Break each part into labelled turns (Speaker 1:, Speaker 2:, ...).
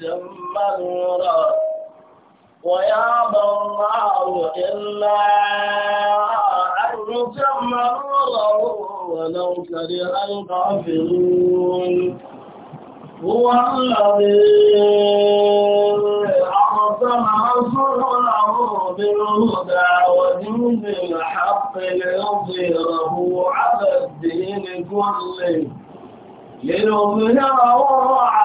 Speaker 1: ليتم نوره ويأبى الله إلا أن يتم نوره ولو كره الكافرون هو الذي أعظم رسوله بالهدى ودين الحق ليظهره على الدين كله لنظهره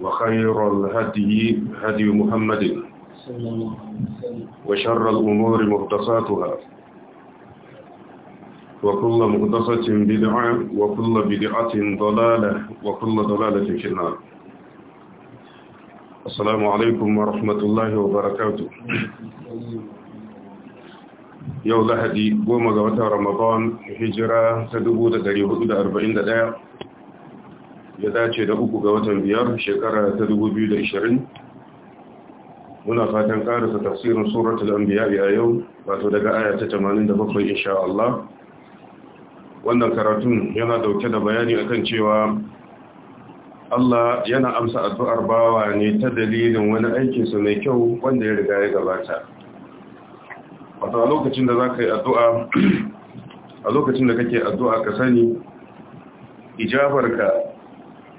Speaker 2: وخير الهدي هدي محمد وشر الأمور مهدساتها وكل مهدسة بدعة وكل بدعة ضلالة وكل ضلالة في النار السلام عليكم ورحمة الله وبركاته yau lahadi رمضان هجرة watan ramadan hijira أربعين 1441 ya dace da uku ga watan biyar shekara ta 2020 muna fatan karasa tafsirin suratul anbiya a yau wato daga aya ta 87 insha Allah wannan karatun yana dauke da bayani akan cewa Allah yana amsa addu'ar bawa ne ta dalilin wani aikinsa mai kyau wanda ya riga ya gabata. Wato a lokacin da yi addu'a, a lokacin da kake addu'a ka sani, ijabarka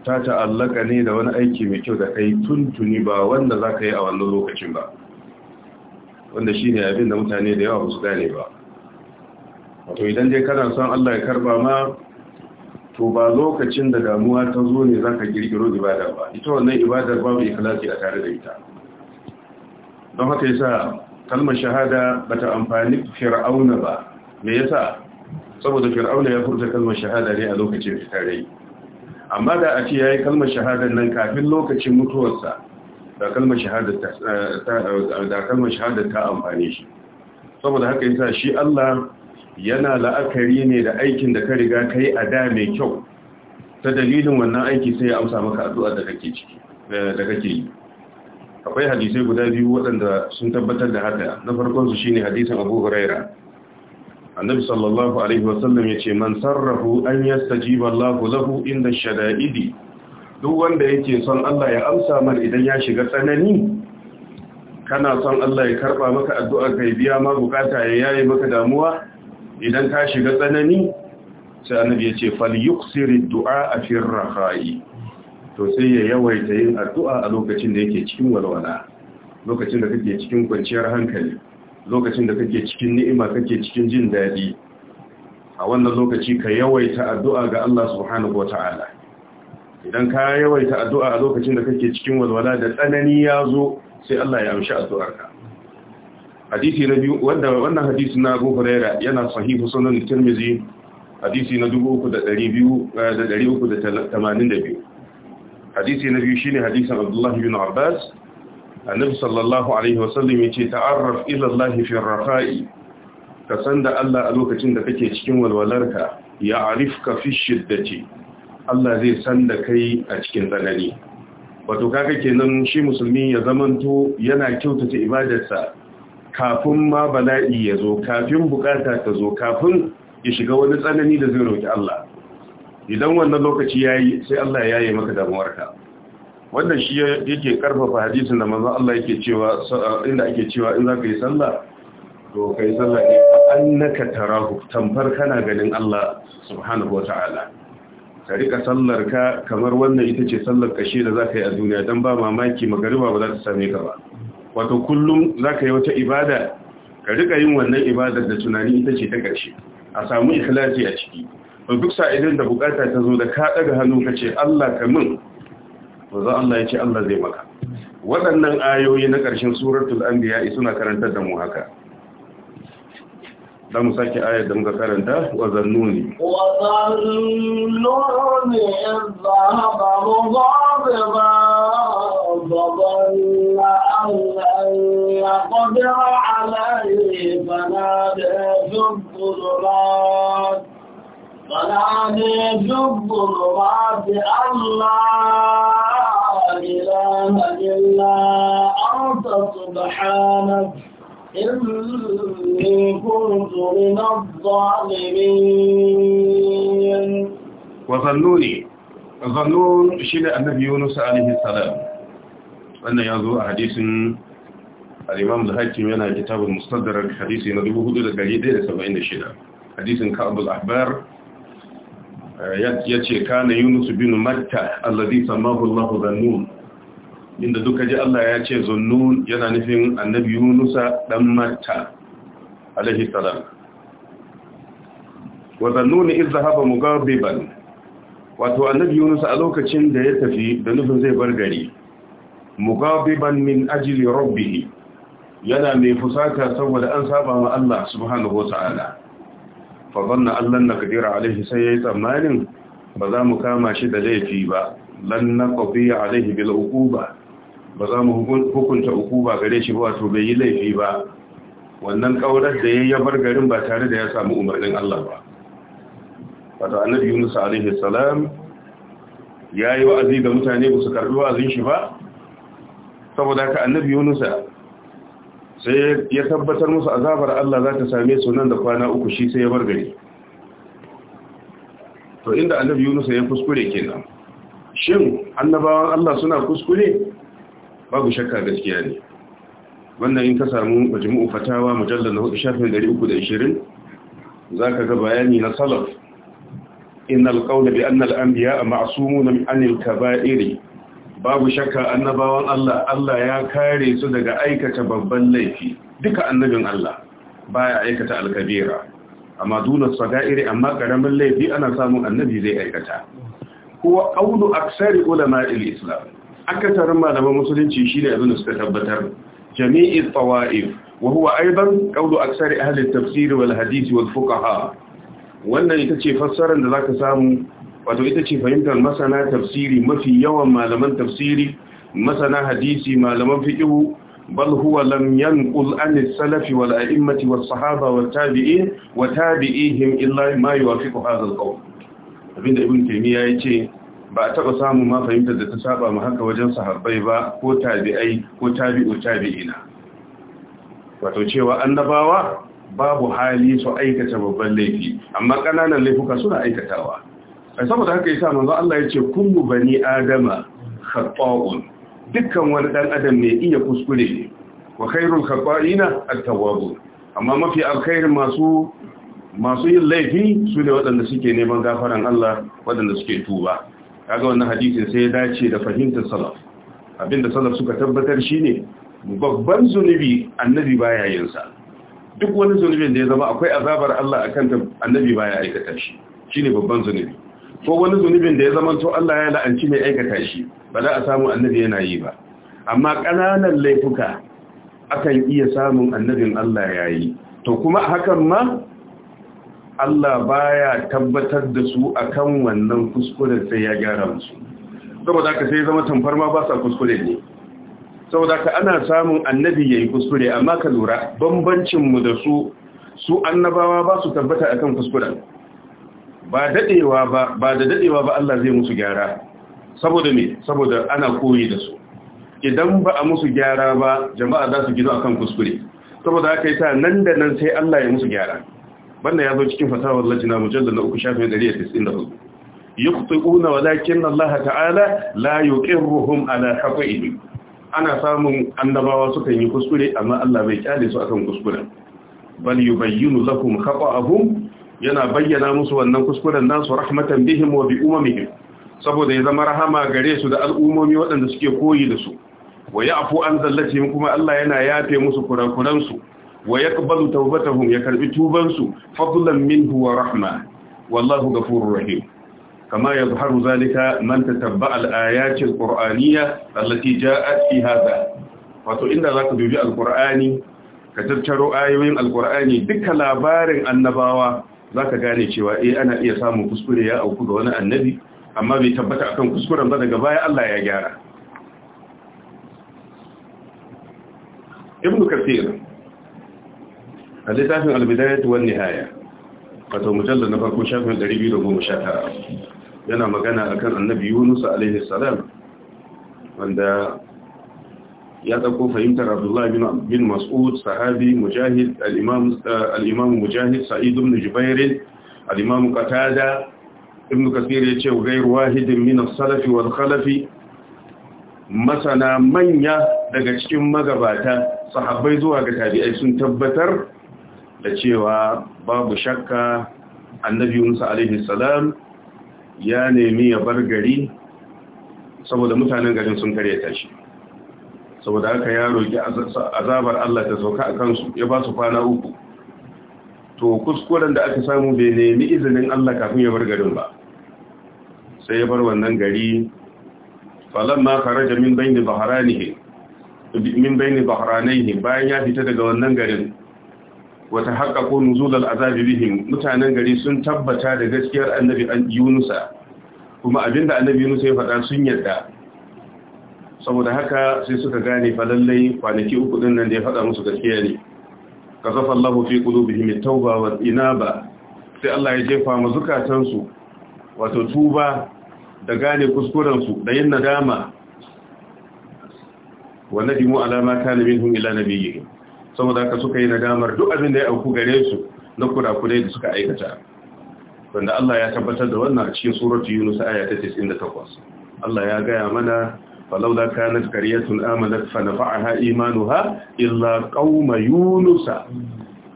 Speaker 2: ta ta'allaka ne da wani aiki mai kyau da kai tuntuni ba wanda za ka yi a wannan lokacin ba wanda shi ne abin da mutane da yawa su gane ba wato idan dai kana son Allah ya karba ma to ba lokacin da damuwa ta zo ne za ka girgiro ibada ba ita wannan ibadar babu ikhlasi a tare da ita don haka yasa kalmar shahada bata amfani fir'auna ba me yasa saboda fir'auna ya furta kalmar shahada ne a lokacin fitarai amma da a ce ya yi kalmar shahadar nan kafin lokacin mutuwarsa da kalmar shahadar ta eh, amfani shi saboda haka yasa shi Allah yana la'akari ne da aikin da ka riga ka yi a da mai kyau ta dalilin wannan aiki sai ya amsa maka addu'a eh, da kake yi akwai hadisai guda biyu waɗanda sun tabbatar da haka na farkon su shine hadisin Abu Hurairah annabi sallallahu alaihi wasallam yace man sarrahu an yastajiba Allahu lahu inda shada'idi duk wanda yake son Allah ya amsa mar idan ya shiga tsanani kana son Allah ya karba maka addu'a kai biya ma bukata ya yaye maka damuwa idan ka shiga tsanani sai annabi yace fal ad-du'a fi ar-rakhai to sai ya yawaita yin addu'a a lokacin da yake cikin walwala lokacin da kake cikin kwanciyar hankali lokacin da kake cikin ni'ima kake cikin jin daɗi a wannan lokaci ka yawaita addu'a ga Allah subhanahu wa ta'ala idan ka yawaita addu'a a lokacin da kake cikin walwala da tsanani ya zo sai Allah ya amshi addu'arka hadisi na biyu wanda wannan hadisi na Abu Hurairah yana sahihu sunan Tirmidhi hadisi na 3282 eh, hadisi na biyu shine hadisin Abdullah ibn Abbas annabi sallallahu alaihi wasallam yace ta'arraf ila Allah fi rafa'i ka san da Allah a lokacin da kake cikin walwalarka ya arifka fi shiddati Allah zai san da kai a cikin tsanani wato kaga kenan shi musulmi ya zamanto yana kyautata ibadarsa kafin ma bala'i ya zo kafin bukata ta zo kafin ya shiga wani tsanani da zai roki Allah idan wannan lokaci yayi sai Allah ya yi maka damuwarka Wannan shi yake karfafa hadisin da manzon Allah yake cewa inda ake cewa in zaka yi sallah to kai sallah ne annaka tarahu tamfar kana ganin Allah subhanahu wataala ka rika sallar ka kamar wannan ita ce sallar kashe da zaka yi a duniya dan ba mamaki magariba ba za ta same ka ba wato kullum zaka yi wata ibada ka rika yin wannan ibada da tunani ita ce ta ƙarshe a samu ikhlasi a ciki duk sa'idan da bukata ta zo da ka daga hannu ka ce Allah ka min manzo Allah ya ce Allah zai maka waɗannan ayoyi na ƙarshen suratul anbiya suna karantar da mu haka da mu sake ayar da muka karanta wa zannuni
Speaker 1: wa zannuni idza haba mudhabiba ظَنَّ أَنْ لَنْ يَقْدِرَ عَلَيْهِ فَنَادَى فِي الظُّلُمَاتِ فَنَادَى فِي الظُّلُمَاتِ أَنْ لَا إله إلا أنت سبحانك إني كنت من الظالمين
Speaker 2: وظنوني ظنون شيل النبي يونس عليه السلام أن يزوء حديث الإمام الهاتم من كتاب المستدرك حديث ندبوه دولة قليدة 76 حديث كعب الأحبار ya ce kana yunus bin matta allazi samahu allahu zannun inda duka ji allah ya ce zannun yana nufin annabi yunusa dan matta alaihi salam wa zannun iz zahaba mugabiban wato annabi yunusa a lokacin da ya tafi da nufin zai bar gari mugabiban min ajli rabbih yana mai fusata saboda an saba ma Allah subhanahu wa ta'ala fa zanna na Kadira alaihi sai ya yi tsammanin ba za mu kama shi da laifi ba lan naqdi alaihi bil uquba ba za mu hukunta uquba gare shi ba to bai yi laifi ba wannan kaurar da yayi ya bar garin ba tare da ya samu umarnin Allah ba Wata annabi Yunus alaihi salam ya yi wa'azi ga mutane ba su karbi wa'azin shi ba saboda ka annabi Yunus sai ya tabbatar musu azabar Allah za ta same su nan da kwana uku shi sai ya bar gari to inda annabi Yunus ya kuskure kenan shin annabawan Allah suna kuskure babu shakka gaskiya ne wannan in ka samu majmu'u fatawa mujallal na 320 zaka ga bayani na salaf innal qawla bi anna al-anbiya ma'sumun min al kaba'iri babu shakka annabawan Allah Allah ya kare su daga aikata babban laifi duka annabin Allah baya aikata alkabira amma duna sagairi amma karamin laifi ana samun annabi zai aikata huwa qawlu aksari ulama al-islam akasarin malaman musulunci shine abin da suka tabbatar jami'i tawaif wa huwa aidan qawlu aksari ahli at-tafsir wal hadith wal fuqaha wannan ita ce fassarar da zaka samu wato ita ce fahimtar masana tafsiri mafi yawan malaman tafsiri masana hadisi malaman fiƙihu, bal huwa lam yanqul an as wal a'immati was sahaba wat tabi'in wa tabi'ihim illa ma yuwafiqu hadha al-qawl abinda ibn taymiya yace ba a taba samu ma fahimtar da ta saba mu haka wajen sahabbai ba ko tabi'ai ko tabi'u tabi'ina wato cewa annabawa babu hali su aikata babban laifi amma ƙananan laifuka suna aikatawa saboda haka yasa manzo Allah yace kullu bani adama khata'un dukkan wani dan adam ne iya kuskure ne wa khairul khata'ina at-tawwabun amma mafi alkhairin masu masu yin laifi su ne waɗanda suke neman gafaran Allah waɗanda suke tuba kaga wannan hadisin sai ya dace da fahimtar salaf abinda salaf suka tabbatar shine babban zunubi annabi baya yin sa duk wani zunubin da ya zama akwai azabar Allah akan annabi baya aikata shi shine babban zunubi ko wani zunubin da ya zamanto Allah ya la'anci mai aikata shi ba za a samu annabi yana yi ba amma ƙananan laifuka akan iya samun annabin Allah ya yi to kuma hakan ma Allah baya tabbatar da su akan wannan kuskuren sai ya gyara musu saboda ka sai zama tamfar ma ba sa kuskure ne saboda ka ana samun annabi ya yi kuskure amma ka lura bambancin mu da su su annabawa ba su tabbata akan kuskuren ba dadewa ba da dadewa ba Allah zai musu gyara saboda me saboda ana koyi da su idan ba a musu gyara ba jama'a za su gido akan kuskure saboda haka yasa nan da nan sai Allah ya musu gyara banda ya zo cikin fatawar lajina mujalla na 3 shafin 194 na walakin Allah ta'ala la yuqirruhum ala haqqihim ana samun annabawa sukan yi kuskure amma Allah bai kyale su akan kuskuren bal yubayyinu lakum khata'ahum yana bayyana musu wannan kuskuren nasu rahmatan bihim wa bi umamihim saboda ya zama rahama gare su da al'umomi waɗanda suke koyi da su wa ya'fu an zallatihim kuma Allah yana yafe musu kurakuran su wa yaqbalu tawbatahum ya karbi tuban su fadlan minhu wa rahma wallahu ghafurur rahim kama yadhharu zalika man tatabba'a al-ayati al-qur'aniyya allati ja'at fi hadha wato inda zaka dubi al-qur'ani ka tattaro ayoyin alkur'ani duka labarin annabawa za ka gane cewa eh ana iya samun kuskure ya auku ga wani annabi amma bai tabbata akan kuskuren ba daga baya Allah ya gyara ibnu kathir a littafin albidayat wan nihaya wato mujallad na farko shafin 219 yana magana akan annabi Yunus alaihi salam wanda ya ɗauko fahimtar abdullahi bin mas'ud sahabi mujahid al'imamu mujahid sa'id ibn jubairin al'imamu qatada ibn kasir ya ce gairu wahidin min salafi wal masana manya daga cikin magabata sahabbai zuwa ga tabi'ai sun tabbatar da cewa babu shakka annabi Musa alaihi salam ya nemi ya bar gari saboda mutanen garin sun karyata shi saboda haka ya roƙi azabar Allah ta sauka a kansu ya ba su kwana uku to kuskuren da aka samu bai nemi izinin Allah kafin ya bar garin ba sai ya bar wannan gari falamma kharaja min bayni bahranihi min bayni bayan ya fita daga wannan garin wata haƙa ko nuzular azabi mutanen gari sun tabbata da gaskiyar annabi Yunusa kuma abinda annabi Yunusa ya faɗa sun yadda. saboda haka sai suka gane fa lallai kwanaki uku din nan da ya faɗa musu gaskiya ne kasafa Allahu fi qulubihim tauba wal inaba sai Allah ya jefa mu zukatan su wato tuba da gane kuskuren su da yin nadama wa nadimu ala ma kana minhum ila nabiyyi saboda haka suka yi nadamar duk abin da ya auku gare su na kurakurai da suka aikata wanda Allah ya tabbatar da wannan a cikin suratu Yunus aya ta 98 Allah ya gaya mana فلولا كانت قرية آمنت فنفعها إيمانها إلا قوم يونس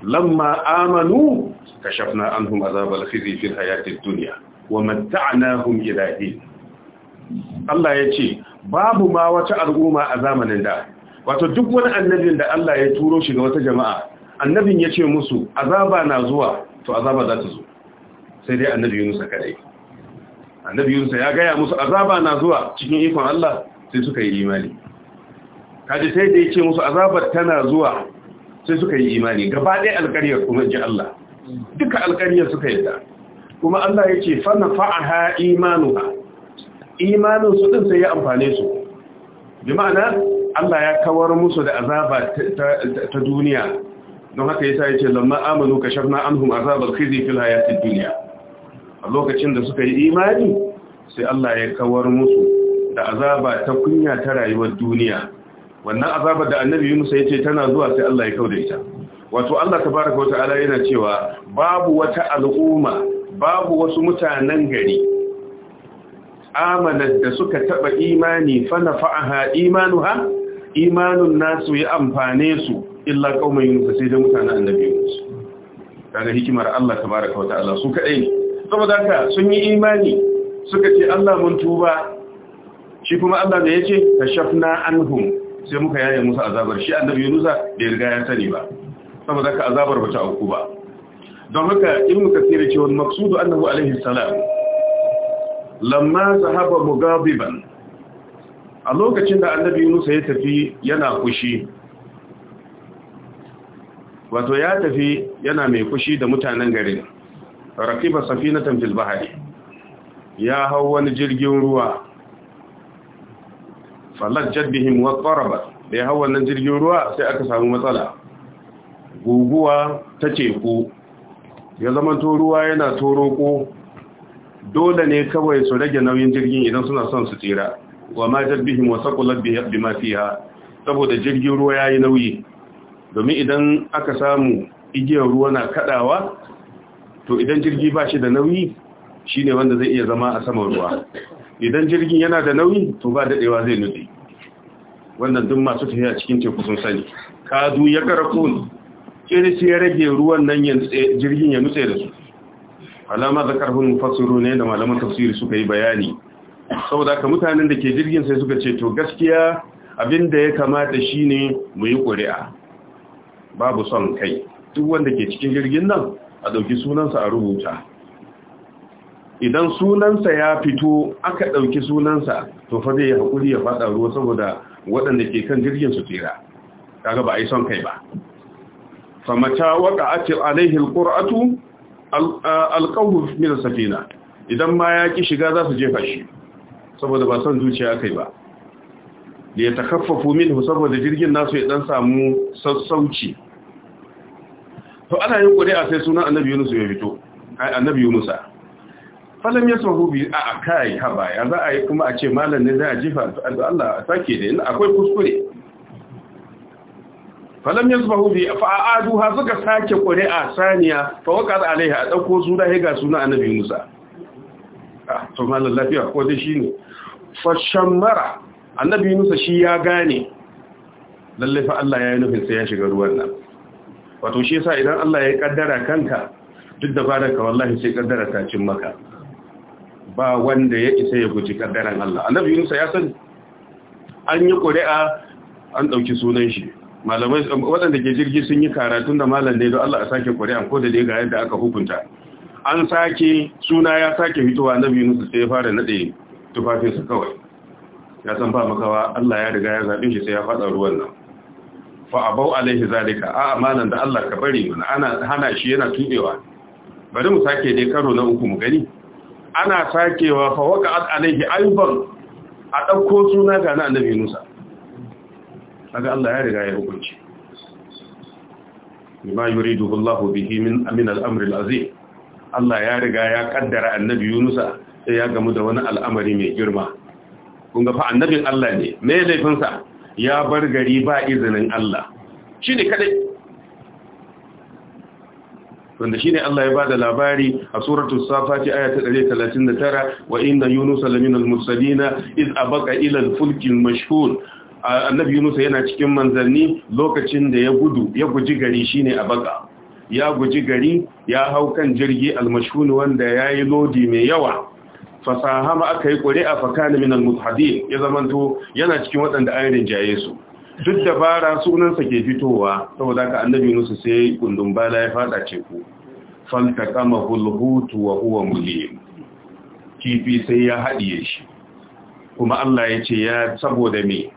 Speaker 2: لما آمنوا كشفنا عنهم عذاب الخزي في الحياة الدنيا ومتعناهم إلى حين Allah ya ce babu ma wata al'umma a zamanin da wato duk wani annabin da Allah ya turo shi ga wata jama'a annabin ya ce musu azaba na zuwa to azaba za ta zo sai dai annabi Yunusa kadai annabi Yunusa ya gaya musu azaba na zuwa cikin ikon Allah sai suka yi imani kaji sai da ya ce musu azabar tana zuwa sai suka yi imani gaba ɗaya alƙaryar kuma ji Allah duka alƙaryar suka yadda kuma Allah ya ce fa nafa'aha ha imanin su ɗin sai ya amfane su bi Allah ya kawar musu da azaba ta duniya don haka yasa yace lamma amanu kashafna anhum azabar khizi fil hayatid dunya a lokacin da suka yi imani sai Allah ya kawar musu da azaba ta kunya ta rayuwar duniya wannan azabar da annabi Yunus ya ce tana zuwa sai Allah ya kaure ita wato Allah tabaraka wata'ala yana cewa babu wata al'umma babu wasu mutanen gari amanar da suka taba imani fa nafa'aha imanuha imanun nasu ya amfane su illa qaumai Yunus sai da mutanen annabi Yunus Daga hikimar Allah tabaraka wata'ala su kadai saboda haka sun yi imani suka ce Allah mun tuba shi kuma Allah da yace kashafna anhum sai muka yaye musu azabar shi annabi Yunus da riga ya sani ba saboda ka azabar bata auku ba don haka ibn kasir ce wannan maksudu annahu alaihi salam lamma sahaba mugabiban a lokacin da annabi Yunus ya tafi yana kushi wato ya tafi yana mai kushi da mutanen garin rakiba safinatan fil bahri ya hau wani jirgin ruwa falajjat jaddihim wa qaraba dai hawa nan jirgin ruwa sai aka samu matsala guguwa ta teku ya zama to ruwa yana toro ko? dole ne kawai su rage nauyin jirgin idan suna son su tsira wa ma jaddihim wa saqulat bima fiha saboda jirgin ruwa yayi nauyi domin idan aka samu igiyar ruwa na kadawa to idan jirgi ba shi da nauyi shine wanda zai iya zama a saman ruwa idan jirgin yana da nauyi to ba daɗewa zai nutse wannan duk masu tafiya cikin teku sun sani kadu ya karakun kirsi ya rage ruwan nan jirgin ya nutse da su alama da karfin mufassiru ne da malaman tafsiri suka yi bayani saboda ka mutanen da ke jirgin sai suka ce to gaskiya abin da ya kamata shine mu yi ƙuri'a babu son kai duk wanda ke cikin jirgin nan a ɗauki sunansa a rubuta idan sunansa ya fito aka ɗauki sunansa to fa zai yi haƙuri ya faɗa ruwa saboda waɗanda ke kan jirgin su tsira kaga ba a yi son kai ba famata waka ce alaihi alƙur'atu alƙawuf mil safina idan ma ya ki shiga za su jefa shi saboda ba son zuciya kai ba da ya takaffafu hu saboda jirgin nasu ya dan samu sassauci to ana yin ƙuri'a sai sunan annabi yunus ya fito ai annabi yunusa falam ya sahu bi a kai haba ya za a yi kuma a ce malam ne za a jifa Allah a sake da yin akwai kuskure falam ya sahu bi fa a'adu ha suka sake ƙuri'a saniya fa waka alaiha a dauko suna ya ga suna annabi Musa ah, to malam lafiya ko dai shine fa shammara annabi Musa shi ya gane lalle fa Allah ya yi nufin sai ya shiga ruwan nan wato shi yasa idan Allah ya kaddara kanka duk da baraka wallahi sai kaddara ta cin maka ba wanda ya isa ya guji kaddaran Allah annabi Yunus ya sani an yi ƙuri'a an ɗauki sunan shi malamai waɗanda ke jirgi sun yi karatu da malam ne don Allah a sake ƙuri'an ko da dai ga yadda aka hukunta an sake suna ya sake fitowa annabi Yunus sai ya fara nade tufafinsa kawai ya san ba makawa Allah ya riga ya zaɓe shi sai ya fada ruwan nan fa abau alaihi zalika a amanan da Allah ka bari mana ana hana shi yana tubewa bari mu sake dai karo na uku mu gani ana sakewa fa waqa'at alaihi ayban a dauko suna ga annabi Musa kaga Allah ya riga ya hukunci bima yuridu Allahu bihi min min al-amr al-azim Allah ya riga ya kaddara annabi Musa sai ya gamu da wani al'amari mai girma kun ga fa annabin Allah ne me laifinsa ya bar gari ba izinin Allah shine kadai wanda shine Allah ya bada labari a suratul safati aya ta 139 wa inna yunus laminal mursalina iz abaka ila al mashhur annabi yunus yana cikin manzanni lokacin da ya gudu ya guji gari shine abaka ya guji gari ya hau kan jirgi al-mashhur wanda yayi lodi mai yawa fasahama aka yi ƙuri'a fakana min al ya zamanto yana cikin waɗanda an rinjaye su duk da dabara sunansa ke fitowa saboda ka annabi musu sai kundin bala ya fada ceku kama hulhutu wa huwa mulim kifi sai ya haɗiye shi kuma Allah ya ce ya saboda me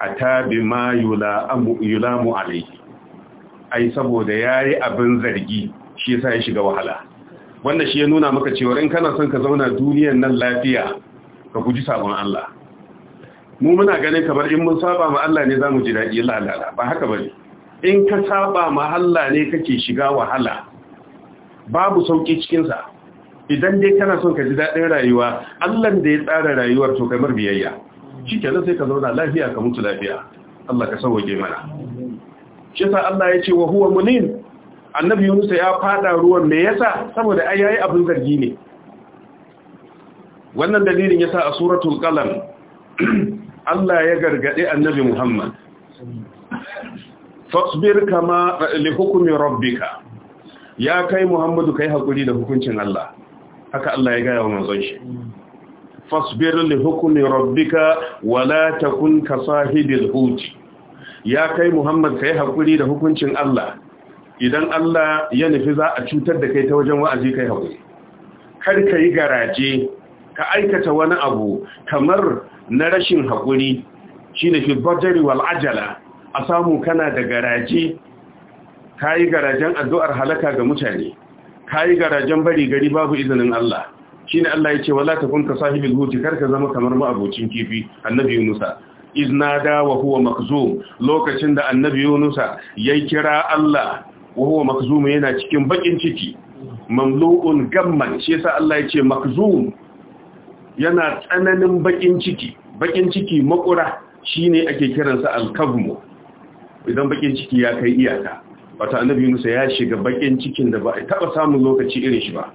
Speaker 2: a tabi ma yulamu alayhi ai saboda yayi abin zargi shi yasa ya shiga wahala wannan shi ya nuna maka cewa in kana son ka zauna duniyar nan lafiya ka guji sabon Allah mu muna ganin kamar in mun saba ma Allah ne za mu ji daɗi. lalala ba haka ba ne. in ka saba ma Allah ne kake shiga wahala babu sauki cikin sa idan dai kana son ka ji daɗin rayuwa Allah da ya tsara rayuwar to kamar biyayya Shi kenan sai ka zauna lafiya ka mutu lafiya Allah ka sauke mana shi sa Allah ya ce wa huwa munin annabi Yunus ya fada ruwan me yasa saboda ai yayi abin zargi ne wannan dalilin yasa a suratul qalam Allah ya gargaɗe annabi Muhammad fasbir kama li hukmi rabbika ya kai Muhammadu kai hakuri da hukuncin Allah haka Allah ya gaya wa manzon shi fasbir li hukmi rabbika wala takun ka sahibil huti ya kai Muhammad kai hakuri da hukuncin Allah idan Allah ya nufi za a cutar da kai ta wajen wa'azi kai hakuri kar ka yi garaje ka aikata wani abu kamar na rashin haƙuri shi ne fibajari wal ajala a samu kana da garaje ka yi garajen addu'ar halaka ga mutane ka yi garajen bari gari babu izinin Allah shi ne Allah ya ce wala ta kunka sahibin hutu karka zama kamar ma'abocin kifi annabi yunusa iznada wa huwa makzum lokacin da annabi yunusa ya kira Allah wa huwa makzum yana cikin bakin ciki mamlu'un gamman shi yasa Allah ya ce makzum yana tsananin bakin ciki bakin ciki makura shine ake kiransa al al-kabmu idan bakin ciki ya kai iyaka wata annabi Musa ya shiga bakin cikin da ba a taba samun lokaci irin shi ba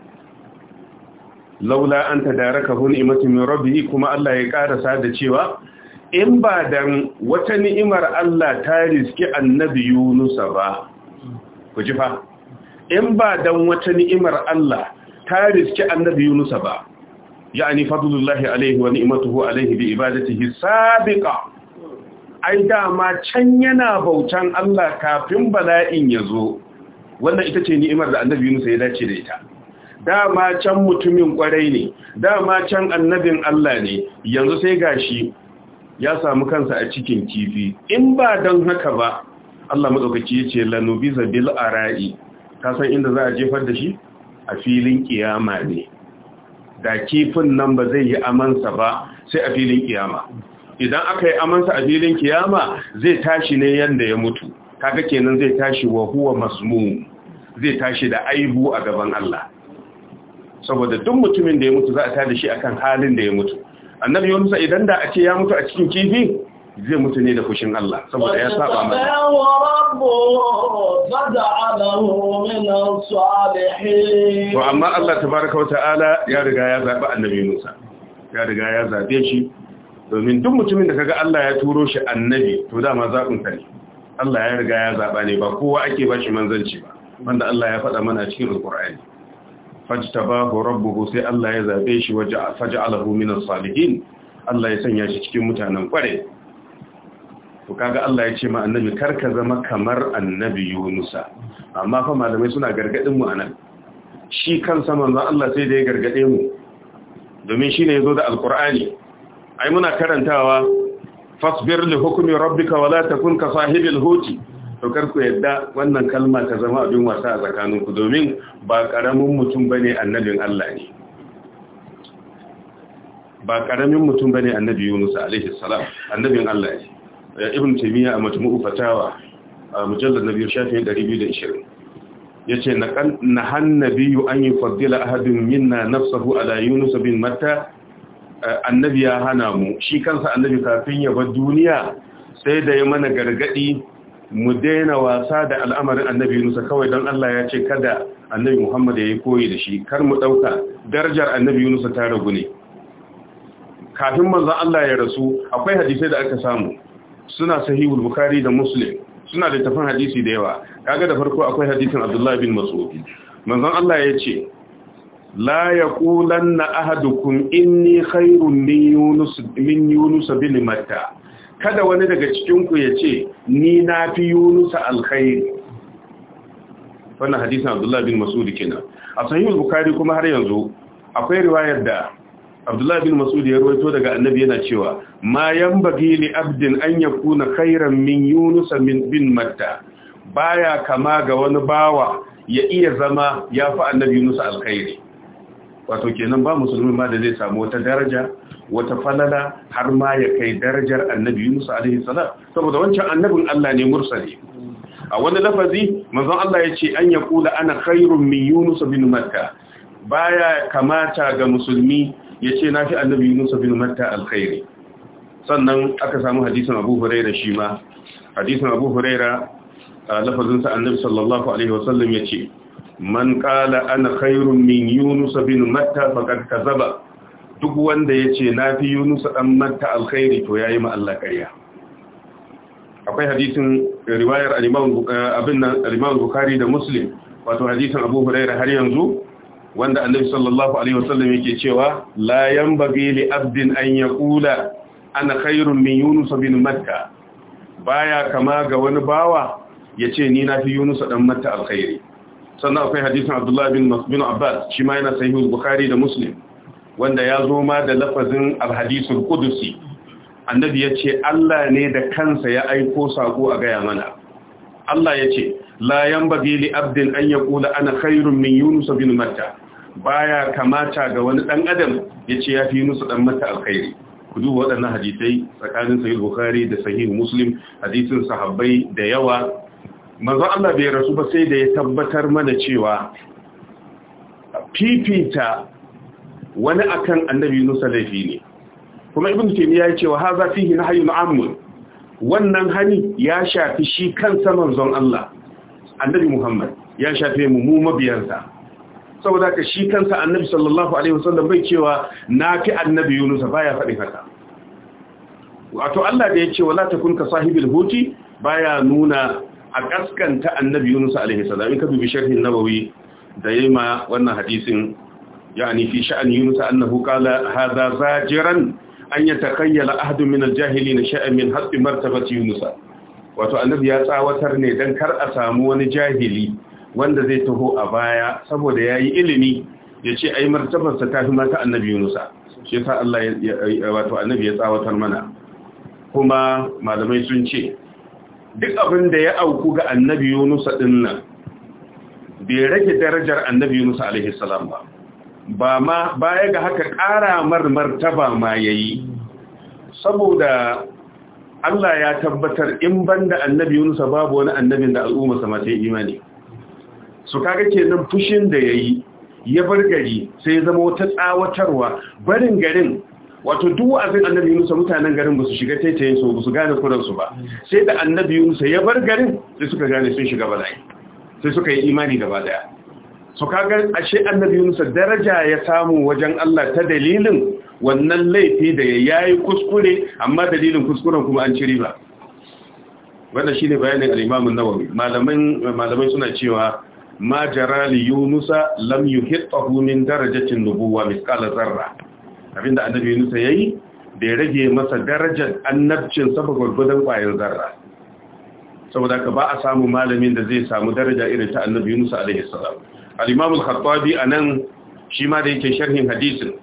Speaker 2: laula an tadarakahu ni'matu min rabbi kuma Allah ya karasa da cewa in ba dan wata ni'imar Allah ta riski annabi Yunus ba ku ji fa in ba dan wata ni'imar Allah ta riski annabi Yunus ba ya'ani fadlullahi alaihi wa ni'matuhu alaihi bi ibadatihi sabiqa ai dama can yana bautan Allah kafin bala'in ya zo wannan ita ce ni'imar da annabi Musa ya dace da ita dama can mutumin kwarai ne dama can annabin Allah ne yanzu sai gashi ya samu kansa a cikin kifi in ba don haka ba Allah madaukaki yace lanubiza bil ara'i ka san inda za a jefar da shi a filin kiyama ne da kifin nan ba zai yi amansa ba sai a filin kiyama idan aka yi amansa a filin kiyama zai tashi ne yadda ya mutu kaga kenan zai tashi wa huwa mazmum zai tashi da aibu a gaban Allah saboda duk mutumin da ya mutu za a tada shi akan halin da ya mutu annabi Yunus idan da a ce ya mutu a cikin kifi zai mutu ne da fushin Allah saboda ya saba
Speaker 1: masa amma
Speaker 2: Allah tabaraka wa ya riga ya zaɓi annabi Musa ya riga ya zaɓe shi domin duk mutumin da kaga Allah ya turo shi annabi to dama zaɓin ka ne Allah ya riga ya zaɓa ne ba kowa ake ba shi manzanci ba wanda Allah ya faɗa mana cikin alƙur'ani fajtabahu rabbuhu sai Allah ya zaɓe shi waje faj'alahu minas salihin Allah ya sanya shi cikin mutanen ƙware to kaga Allah ya ce ma annabi karka zama kamar annabi Yunusa amma fa malamai suna gargadin mu anan shi kansa manzo Allah sai da ya gargade mu domin shine yazo da alqur'ani ai muna karantawa fasbir li hukmi rabbika wala takun ka sahibil huti to karku yadda wannan kalma ta zama abin wasa a tsakaninku domin ba karamin mutum bane annabin Allah ne ba karamin mutum bane annabi Yunus alaihi salam annabin Allah ne ibn taymiya a majmu'u fatawa a mujallad na biyu shafi 220 yace na kan na hannabiyu an yufaddila ahadun minna nafsuhu ala yunus bin matta annabi ya hana mu shi kansa annabi kafin ya bar duniya sai da ya mana gargadi mu daina wasa da al'amarin annabi yunus kawai don Allah ya ce kada annabi muhammad ya yi koyi da shi kar mu dauka darajar annabi yunus ta ragu ne kafin manzon Allah ya rasu akwai hadisai da aka samu suna al bukhari da muslim suna da tafin hadisi da yawa kaga da farko akwai hadisin abdullahi bin mas'ud manzon Allah ya ce la yaqulanna ahadukum inni khairun min yunus min yunus bin matta kada wani daga cikin ku yace ni na fi yunus alkhair wannan hadisin abdullahi bin mas'ud kenan a al bukhari kuma har yanzu akwai riwayar da abdullah bin masud ya rawaito daga annabi yana cewa ma yanbaghi li abdin an yakuna khairan min yunus bin matta baya kama ga wani bawa ya iya zama ya fi annabi yunus alkhairi wato kenan ba musulmi ma da zai samu wata daraja wata falala har ma ya kai darajar annabi yunus alaihi salam saboda wancan annabin Allah ne mursali a wani lafazi manzon Allah ya ce an ya kula ana khairun min yunus bin matta baya kamata ga musulmi ya ce na fi annabi Yunusa bin matta alkhairi sannan aka samu hadisin abu huraira shi ma hadisin abu huraira lafazinsa annabi sallallahu alaihi wasallam ya ce man kala ana khairun min Yunusa bin matta faqad kazaba duk wanda ya ce na fi Yunusa dan matta alkhairi to yayi ma Allah kariya akwai hadisin riwayar al-imam abin nan al-imam bukhari da muslim wato hadisin abu huraira har yanzu wanda annabi sallallahu alaihi wasallam yake cewa la yanbaghi li abdin an yaqula ana khairun min yunus bin matta baya kama ga wani bawa yace ni na fi yunus dan matta alkhairi sannan akwai hadisin abdullah bin bin abbas shi ma yana sahih bukhari da muslim wanda ya zo ma da lafazin alhadisul qudusi annabi yace Allah ne da kansa ya aiko sako a gaya mana Allah yace la yanbaghi li abdin an yaqula ana khairun min yunus bin matta baya kamata ga wani dan adam yace yafi yunus dan matta alkhairi ku duba waɗannan hadisai tsakanin sahih bukhari da sahih muslim hadisin sahabbai da yawa manzo Allah bai rasu ba sai da ya tabbatar mana cewa fifita wani akan annabi yunus laifi ne kuma ibn taymiya ya cewa wa hadha fihi nahyun ammun wannan hani ya shafi shi kansa manzon Allah annabi Muhammad ya shafe mu mu mabiyansa saboda ka shi kansa annabi sallallahu alaihi wasallam bai cewa na fi annabi Yunus baya faɗin haka wato Allah da ya ce wala takun ka sahibul huti baya nuna a kaskanta annabi Yunus alaihi salam in ka dubi sharhin Nawawi da ma wannan hadisin yani fi sha'an Yunus annahu qala hadha zajiran an yatakayyala ahadun min al-jahilin sha'an min hasbi martabati Yunus wato annabi ya tsawatar ne don kar a samu wani jahili wanda zai taho a baya saboda ya yi ilimi ya ce ai martabarsa ta fi mata annabi yunusa shi yasa Allah wato annabi ya tsawatar mana kuma malamai sun ce duk abin da ya auku ga annabi yunusa din nan bai rage darajar annabi yunusa alaihi salam ba ba ma baya ga haka ƙara mar martaba ma yayi saboda Allah ya tabbatar in banda annabi Yunusa babu wani annabin da al'umma sama ta imani su kaga kenan fushin da yayi ya bar gari sai ya zama wata tsawatarwa barin garin wato duk wa'azin annabi Yunusa mutanen garin ba su shiga taitayen su ba su gane kuran su ba sai da annabi Yunusa ya bar garin sai suka gane sun shiga bala'i sai suka yi imani gaba daya su kaga ashe annabi Yunusa daraja ya samu wajen Allah ta dalilin wannan laifi da ya yi kuskure amma dalilin kuskuren kuma an ci riba shi ne bayanin al'imamin imam malamai suna cewa ma jara li yunusa lam yuhittahu min darajatin nubuwa kala zarra abinda annabi Yunus yayi da ya rage masa darajar annabcin saboda gwargwadon kwayar zarra saboda ka ba a samu malamin da zai samu daraja irin ta annabi Yunusa alaihi salam al-Imam al-Khattabi anan shi ma da yake sharhin hadisin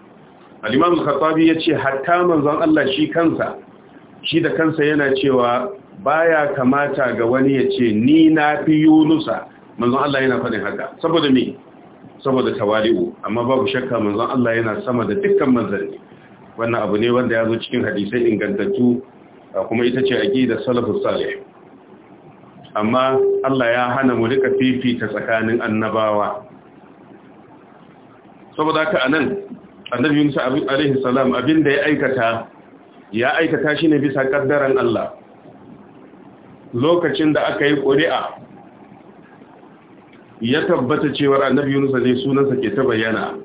Speaker 2: al-imam al-khattabi yace hatta manzon Allah shi kansa shi da kansa yana cewa baya kamata ga wani ya ce ni na fi yunusa manzon Allah yana faɗin haka saboda me saboda tawali'u amma babu shakka manzon Allah yana sama da dukkan manzanni wannan abu ne wanda ya zo cikin hadisai ingantattu kuma ita ce aqida salafus salih amma Allah ya hana mu rika fifita tsakanin annabawa saboda haka anan annabi Yunus alaihi salam abin da ya aikata ya aikata shi ne bisa kaddaran Allah lokacin da aka yi ƙuri'a ya tabbata cewar annabi Yunus ne sunansa ke ta bayyana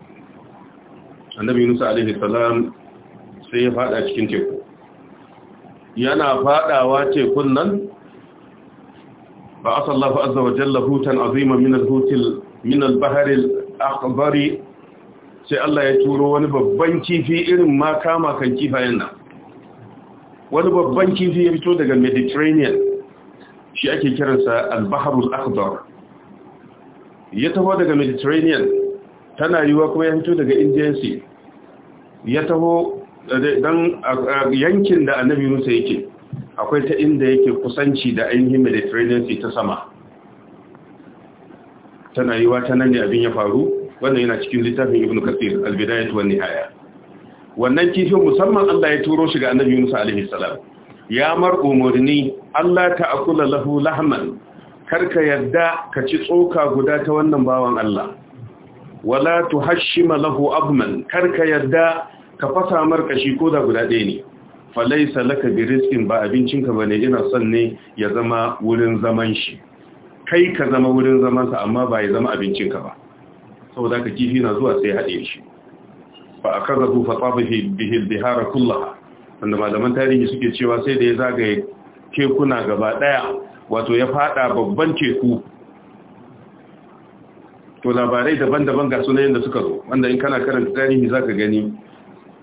Speaker 2: annabi Yunus alaihi salam sai ya fada cikin teku yana fadawa tekun nan ba asallahu azza wa jalla hutan azima min al-hutil min al-bahr al-akhdari sai Allah ya turo wani babban kifi irin ma kama kan kifayen nan wani babban kifi ya fito daga mediterranean shi ake kiransa albaharul akhdar ya taho daga mediterranean tana yiwuwa kuma ya fito daga indian sea ya taho eh, dan eh, yankin da annabi musa yake akwai ta inda yake kusanci da ainihin mediterranean sea ta sama tana yiwuwa ta nan ne abin ya faru wannan yana cikin littafin Ibn kathir al-bidayah wa nihaya wannan kifin musamman Allah ya turo shi ga annabi Musa alaihi salam ya mar umurni Allah ta'kula lahu lahman karka yadda ka ci tsoka guda ta wannan bawan Allah wala tuhashima lahu abman karka yadda ka fasa mar kashi ko da guda ɗaya ne laysa laka bi riskin ba abincinka bane ina son ne ya zama wurin zaman shi kai ka zama wurin zamansa amma ba ya zama abincin ka ba saboda ka kifi na zuwa sai haɗe shi a akazahu fa tabihi bihi al-bihar kullaha wanda malaman tarihi suke cewa sai da ya zagaye kekuna gaba ɗaya wato ya fada babban keku. to labarai daban-daban ga sunayen da suka zo wanda in kana karanta tarihi ka gani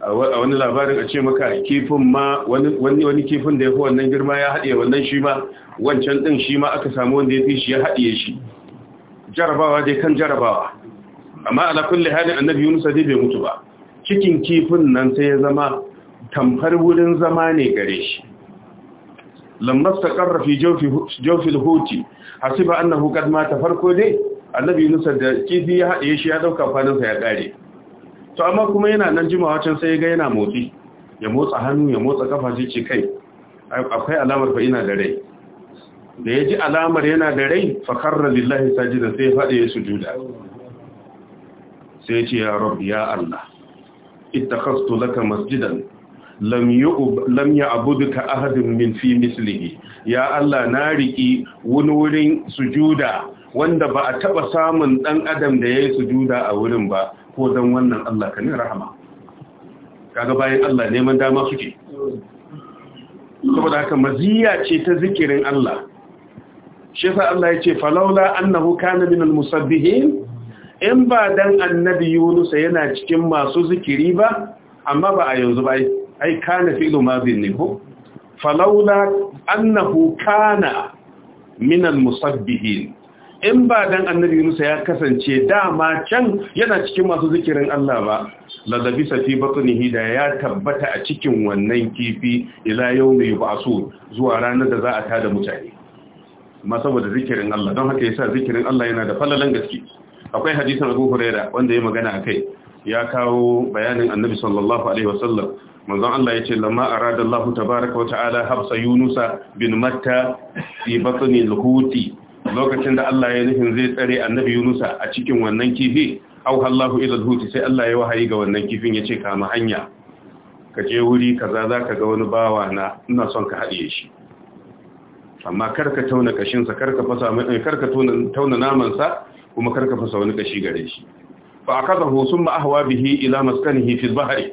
Speaker 2: a wani labarin a ce maka kifin ma wani wani kifin da ya fi wannan girma ya haɗe wannan shi ma wancan ɗin shi ma aka samu wanda ya fi shi ya haɗe shi jarabawa dai kan jarabawa amma ala kulli halin annabi Yunus dai bai mutu ba cikin kifin nan sai ya zama tamfar wurin zama ne gare shi lamma staqarra fi jawfi jawfi al-huti hasiba annahu ma mata farko dai annabi Yunus da kifi ya haɗe shi ya dauka kwanan sa ya kare to amma kuma yana nan jimawa can sai ya ga yana motsi ya motsa hannu ya motsa kafa shi, ce kai akwai alamar fa ina da rai da ya ji alamar yana da rai fakarra lillahi sajida sai faɗe ya sujuda sai ce ya rabbi ya Allah ittakhastu laka masjidan lam ya'buduka ta min fi mislihi ya Allah na riki wani wurin sujuda wanda ba a taɓa samun ɗan adam da yayi sujuda a wurin ba ko don wannan Allah ka ne rahama kaga bayan Allah neman dama suke saboda haka maziya ce ta zikirin Allah shi sa Allah ya ce falaula annahu kana minal musabbihin in ba dan annabi Yunus yana cikin masu zikiri ba amma ba a yanzu ba ai kana fi'lu madin ne ko falawla annahu kana min al-musabbihin in ba dan annabi Yunus ya kasance dama can yana cikin masu zikirin Allah ba ladabi safi batnihi da ya tabbata a cikin wannan kifi ila yawmi yub'asu zuwa ranar da za a tada mutane ma saboda zikirin Allah don haka yasa zikirin Allah yana da falalan gaske akwai hadisin Abu Huraira wanda ya magana akai ya kawo bayanin Annabi sallallahu alaihi wasallam manzon Allah yace lamma arada Allah tabaaraka wa ta'ala habsa Yunusa bin Matta fi batni al-huti lokacin da Allah ya nufin zai tsare Annabi Yunusa a cikin wannan kifi au Allahu ila al-huti sai Allah ya wahayi ga wannan kifin yace ma hanya ka je wuri kaza zaka ga wani bawa na ina son ka haɗiye shi amma karka tauna kashinsa karka fasa karka tauna namansa kuma karka fasa wani kashi gare shi fa hu summa ahwa bihi ila maskanihi fi bahri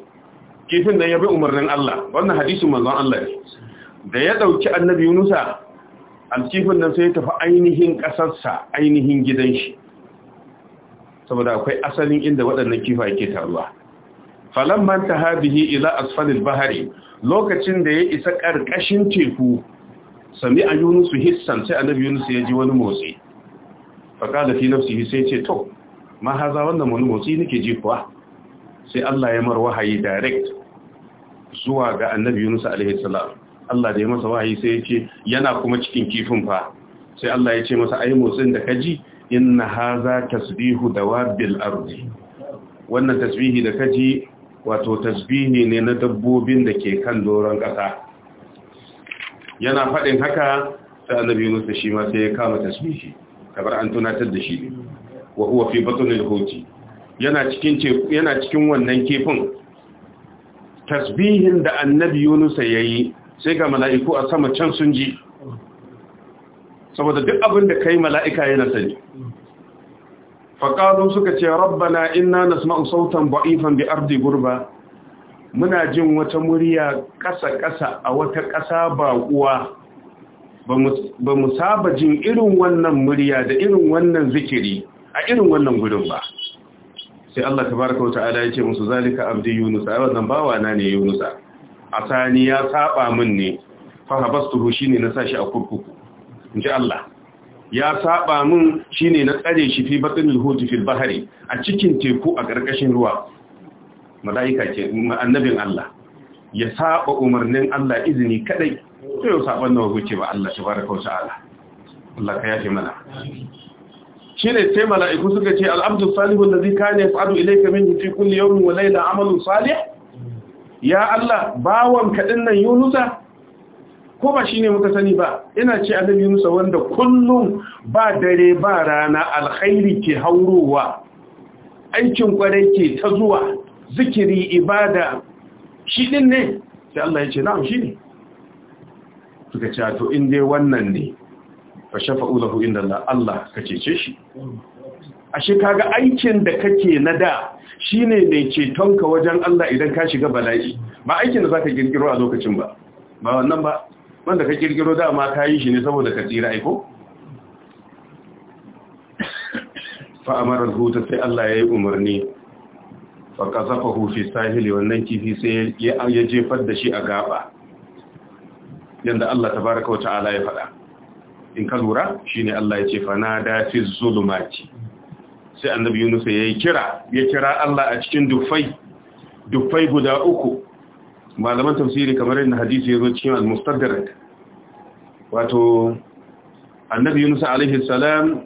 Speaker 2: kifin da ya bi umarnin Allah wannan hadisi manzon Allah ne da ya dauki annabi Yunusa alkifin nan sai ya tafi ainihin sa ainihin gidan shi saboda akwai asalin inda waɗannan kifaye ke taruwa mantaha bihi ila al bahri lokacin da ya isa karkashin teku sami a hissan sai annabi yunusa ya ji wani motsi faƙada fi nafsihi sai ce to ma haza wannan wani motsi nake ji kuwa sai Allah ya mar wahayi direct zuwa ga annabi Yunus alaihi salam Allah da ya masa wahayi sai ya ce yana kuma cikin kifin fa sai Allah ya ce masa ai motsin da kaji inna haza tasbihu dawabil ardi wannan tasbihi da kaji wato tasbihi ne na dabbobin da ke kan doron ƙasa yana faɗin haka sai annabi Yunus shi ma sai ya kama tasbihi kamar an tunatar da shi wa huwa fi batnil huti yana cikin yana cikin wannan kifin tasbihin da annabi Yunus yayi sai ga mala'iku a sama can sun ji saboda duk abin da kai mala'ika yana sani faƙaɗo suka ce rabbana inna nasma'u sautan ba'ifan bi ardi gurba muna jin wata murya ƙasa-ƙasa a wata ƙasa baƙuwa ba mu saba jin irin wannan murya da irin wannan zikiri a irin wannan gudun ba sai Allah tabaraka wa ta'ala ya ce musu zalika abdi yunus ai wannan bawa na ne yunus asani ya saba min ne fa habastuhu shine na sashi a kurkuku inji Allah ya saba min shine na tsare shi fi batnil huti fil bahri a cikin teku a ƙarƙashin ruwa malaika ce annabin Allah ya saba umarnin Allah izini kadai to yau saban nawa kuke ba Allah tabaraka wa ta'ala Allah ka yafe mana Shi ne sai mala'iku suka ce al-abdu salihu allazi kana yas'adu ilayka min fi kulli yawmin wa layla amalun salih ya Allah bawon ka nan yunusa ko ba shine muka sani ba ina ce annabi yunusa wanda kullum ba dare ba rana alkhairi ke haurowa aikin kwarai ke ta zuwa zikiri ibada shi din ne sai Allah ya ce na'am shi ne suka ce to in dai wannan ne fa shafa'u lahu inda Allah ka cece shi ashe kaga aikin da kake na da shine mai ceton ka wajen Allah idan ka shiga bala'i ba aikin da zaka kirkiro a lokacin ba ba wannan ba wanda ka kirkiro dama ka yi shi ne saboda ka tsira aiko fa amara huta sai Allah ya yi umarni fa kazafahu fi sahili wannan kifi sai ya jefar da shi a gaba yanda Allah baraka wa ta'ala ya faɗa in ka lura shi ne Allah ya ce fanada fi zulumaci sai annabi Yunus ya yi kira ya kira Allah a cikin dufai dufai guda uku malaman tafsiri kamar yadda hadisi ya zo cikin al-mustadrak wato annabi Yunus alaihi salam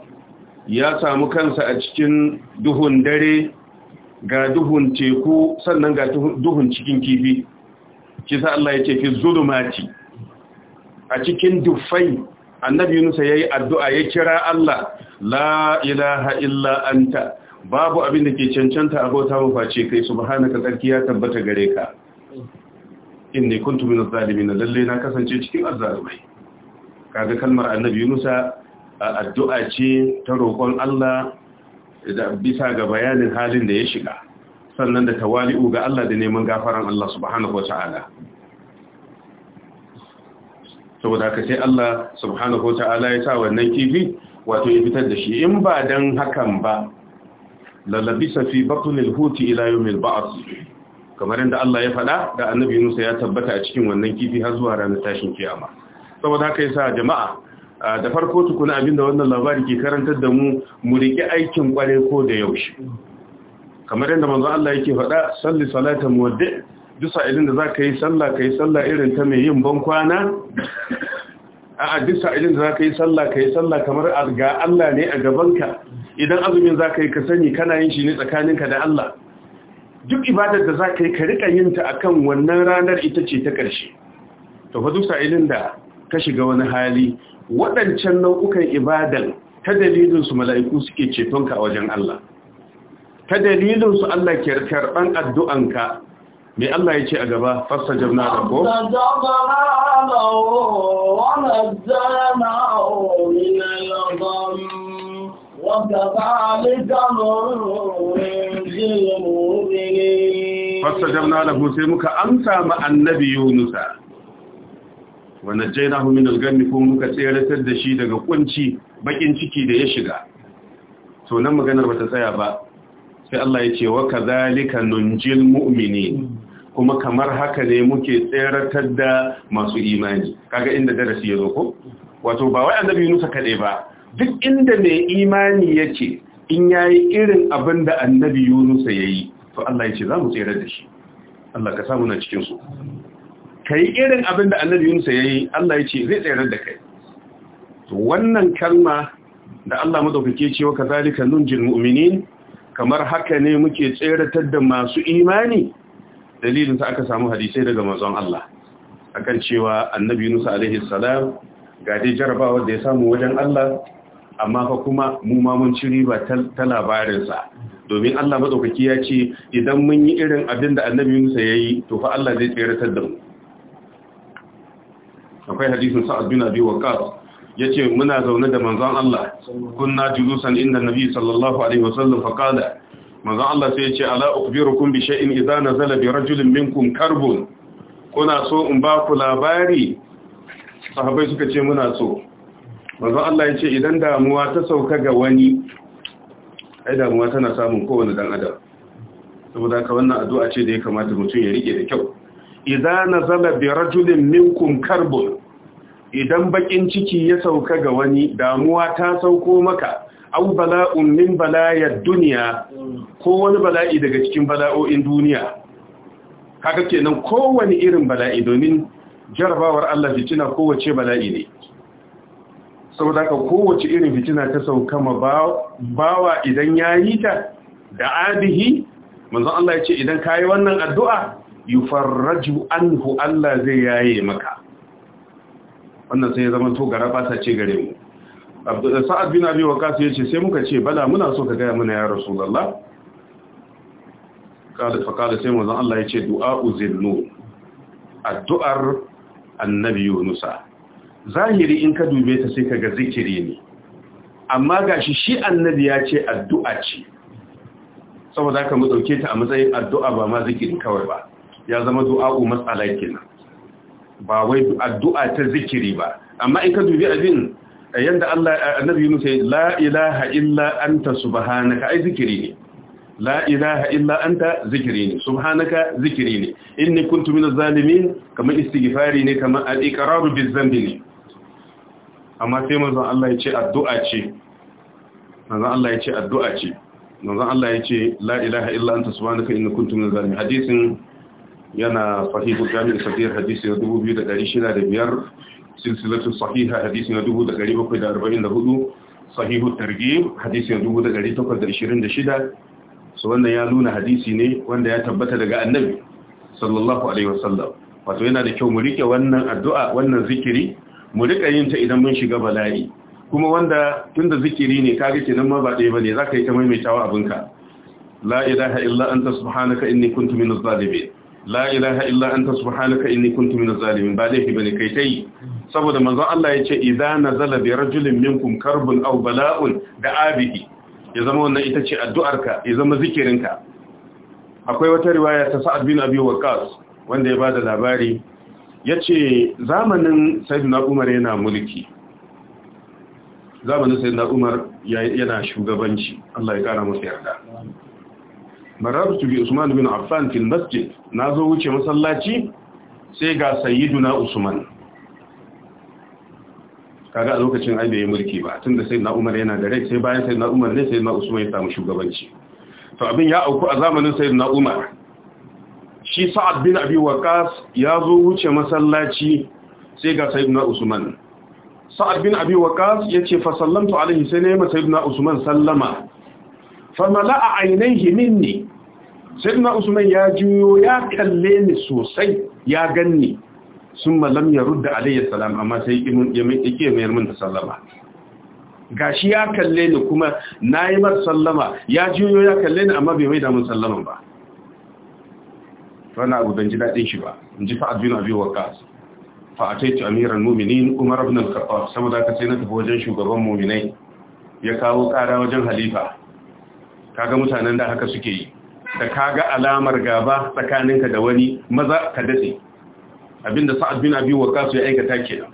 Speaker 2: ya samu kansa a cikin duhun dare ga duhun teku sannan ga duhun cikin kifi kisa Allah ya ce fi zulumaci. a cikin dufai annabi Yunusa ya yi addu'a ya kira Allah la ilaha illa anta babu abin da ke cancanta abota face kai subhanaka tsarki ya tabbata gare ka inni kuntu min zalimin lalle na kasance cikin azzalumai kaga kalmar annabi Yunusa addu'a ce ta roƙon Allah da bisa ga bayanin halin da ya shiga sannan da tawali'u ga Allah da neman gafaran Allah subhanahu wa ta'ala saboda haka sai Allah subhanahu wa ya sa wannan kifi wato ya fitar da shi in ba dan hakan ba lalabi fi batnil huti ila ba'as. ba'th kamar yadda Allah ya faɗa da annabi Yunus ya tabbata a cikin wannan kifi har zuwa ranar tashin kiyama saboda haka yasa jama'a da farko tukuna abinda wannan labari ke karantar da mu mu riƙe aikin kware ko da yaushe kamar yadda manzo Allah yake faɗa salli salatan muwaddi bisa sa'ilin da za ka yi sallah ka yi sallah irin ta mai yin bankwana a bisa sa'ilin da za ka yi sallah ka yi sallah kamar ga Allah ne a gabanka idan azumin za ka yi ka sani kana yin shi ne tsakaninka da Allah duk ibadar da za ka yi ka riƙa yin ta a kan wannan ranar ita ce ta ƙarshe to fa dusa da ka shiga wani hali waɗancan nau'ukan ibadar ta dalilinsu mala'iku suke cetonka a wajen Allah ta dalilinsu Allah ke karɓan addu'anka me Allah ya ce a gaba fasa jamna da ko fasa jamna da ko sai muka amsa ma annabi yunusa wa najjaynahu min al-ghammi ko muka tseratar da shi daga kunci bakin ciki da ya shiga to nan maganar bata tsaya ba sai Allah ya ce wa kadhalika nunjil mu'minin kuma kamar haka ne muke tseratar da masu imani kaga inda darasi ya zo ko wato ba wai annabi Yunus kaɗai ba duk inda mai imani yake in yayi irin abin da annabi Yunus yayi to Allah ya ce za mu tserar da shi Allah ka samu na cikin su kai irin abin da annabi Yunus yayi Allah ya ce zai tserar da kai to wannan kalma da Allah madaukake ce wa kazalika nunjil mu'minin kamar haka ne muke tseratar da masu imani dalilin sa aka samu hadisai daga manzon Allah akan cewa annabi Yunus alaihi salam ga dai jarabawa da ya samu wajen Allah amma fa kuma mu ma mun ci riba ta labarin sa domin Allah madaukaki ya ce idan mun yi irin abin da annabi Yunus yayi to fa Allah zai tsiratar da mu akwai hadisin sa'ad bin abi waqas yace muna zaune da manzon Allah kunna julusan inda nabi sallallahu alaihi wasallam faqala manzo Allah sai ya ce ala ukhbirukum bi shay'in idza nazala bi rajulin minkum karbun kuna so in ba ku labari sahabbai suka ce muna so manzo Allah ya ce idan damuwa ta sauka ga wani ai damuwa tana samun kowane dan adam saboda ka wannan addu'a ce da ya kamata mutum ya rike da kyau idza nazala bi rajulin minkum karbun idan bakin ciki ya sauka ga wani damuwa ta sauko maka au bala'un min balaya duniya ko wani bala'i daga cikin bala'o'in duniya haka kenan kowane irin bala'i domin jarabawar Allah fitina kowace bala'i ne saboda ka kowace irin fitina ta sauka ma bawa idan ya yi ta da adihi manzon Allah ya ce idan ka yi wannan addu'a yufarraju anhu Allah zai yaye maka wannan sai ya zama to garaba ta ce gare mu Eh, sa'ad bin abi waqas yace sai muka ce bala muna so ka gaya mana ya rasulullah kada fa kada sai manzon Allah yace du'a uzillu addu'ar annabi yunusa zahiri in ka dube ta sai kaga zikiri ne amma gashi shi annabi ya ce addu'a ce saboda ka mu dauke ta a matsayin addu'a ba ma zikiri kawai ba ya zama du'a'u u kenan ba wai addu'a ta zikiri ba amma in ka dubi abin yanda Allah eh, annabi Yunus ya la ilaha illa anta subhanaka ai zikiri ne la ilaha illa anta zikiri ne subhanaka zikiri ne inni kuntu minaz zalimin kamar istighfari ne kamar al-iqraru biz zambi ne amma sai manzon Allah ya ce addu'a ce manzon Allah ya ce addu'a ce manzon Allah ya ce la ilaha illa anta subhanaka inni kuntu minaz zalimin hadisin yana sahihul jami' sahih hadisi 2605 silsilatu sahiha hadisi na 744 sahihu targhib hadisi na 1826 so wannan ya nuna hadisi ne wanda ya tabbata daga annabi sallallahu alaihi wasallam wato yana da kyau mu rike wannan addu'a wannan zikiri mu rika yin ta idan mun shiga bala'i kuma wanda tunda zikiri ne kaga kenan ma ba ɗaya bane zaka yi ta maimaitawa abinka la ilaha illa anta subhanaka inni kuntu minaz zalimin la ilaha illa anta subhanaka inni kuntu minaz zalimin ba dai bane kai tai saboda manzon Allah ya ce idza nazala bi rajulin minkum karbun aw bala'un da abihi ya zama wannan ita ce addu'arka ya zama zikirinka akwai wata riwaya ta Sa'ad bin Abi Waqqas wanda ya bada labari yace zamanin Sayyidina Umar yana mulki zamanin Sayyidina Umar yana shugabanci Allah ya kara masa yarda marabtu bi Usman bin Affan fil masjid nazo wuce masallaci sai ga Sayyiduna Usman kaga a lokacin ai bai mulki ba tunda sai na Umar yana da rai sai bayan sai na Umar ne sai na Usman ya samu shugabanci to abin ya auku a zamanin sai na Umar shi Sa'ad bin Abi ya zo wuce masallaci sai ga sayyidina Usman Sa'ad bin Abi Waqqas yace fa sallamtu alaihi sai ne sayyidina Usman sallama fa mala'a aynayhi minni sayyidina Usman ya juyo ya kalle ni sosai ya ganni sun malam ya rudda alayyar salam amma sai yake mayar min da sallama Ga shi ya kalle ni kuma na yi mar sallama ya juyo ya kalle ni amma bai mai damun sallaman ba wani abu ban ji daɗin shi ba in ji fa'ad abin abi waqas fa ataitu amiran mu'minin umar ibn al-khattab saboda ka sai na tafi wajen shugaban mu'minai ya kawo ƙara wajen halifa kaga mutanen da haka suke yi da kaga alamar gaba tsakaninka da wani maza ka dace abinda sa'ad bin abi waqas ya aikata kenan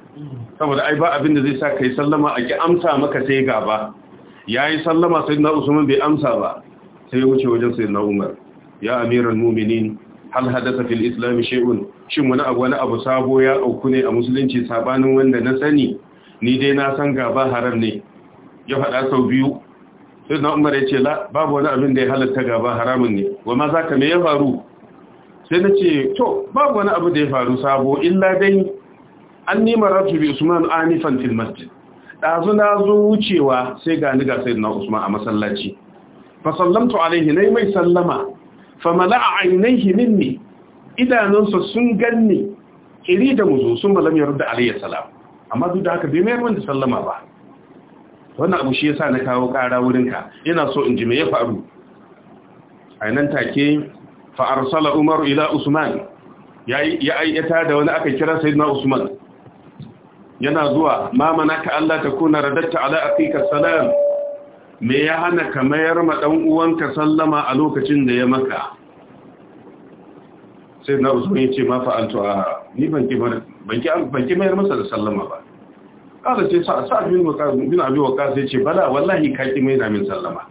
Speaker 2: saboda ai ba abinda zai sa kai sallama a ki amsa maka sai gaba yayi sallama sayyidina usman bai amsa ba sai ya wuce wajen sayyidina umar ya amiral mu'minin hal hadatha fil islam shay'un shin wani abu wani abu sabo ya auku ne a musulunci sabanin wanda na sani ni dai na san gaba haram ne ya faɗa sau biyu sayyidina umar ya ce la babu wani abin da ya halatta gaba haramun ne wa ma zaka me ya faru sai na ce to babu wani abu da ya faru sabo illa dai an nima rafi bi usman anifan fil masjid dazu na zo wucewa sai ga ni ga sayyidina usman a masallaci fa sallamtu alaihi nay mai sallama fa mala'a aynaihi minni idanunsa sun ganni iri da muzo sun malam da alayhi salam amma duk da haka bai mayar wanda sallama ba wannan abu shi yasa na kawo kara wurinka ina so in ji me ya faru a nan take Fa'arsala arsala umaru ila usman ya ayyata da wani aka kira sayyidina usman yana zuwa ma manaka Allah ta kuna radatta ala aqika salam me ya hana ka mayar ma dan uwanka sallama a lokacin da ya maka sai na usman ce ma fa antu a ni ban ki ban ki ban ki mayar masa da sallama ba kada ce sa sa bin muqaz bin abi waqas yace bala wallahi ka ki mayar min sallama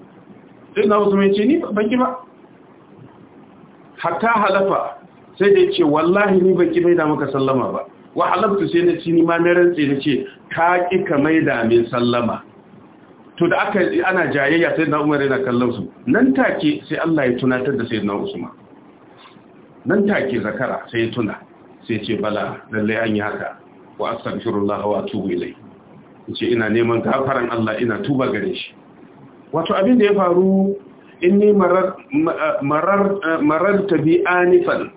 Speaker 2: sai na usman ce ni ban ki ba hatta halafa sai da ce wallahi ni baki mai da maka sallama ba wa halaftu sai na ci ni ma na rantse na ce ka ki ka mai da min sallama to da aka ana jayayya sai na Umar yana kallon su nan take sai Allah ya tunatar da sai na Usman nan take zakara sai ya tuna sai ce bala lalle an yi haka wa astaghfirullah wa atubu ilai ina neman gafaran Allah ina tuba gare shi wato abin da ya faru inni eh, ta bi anifan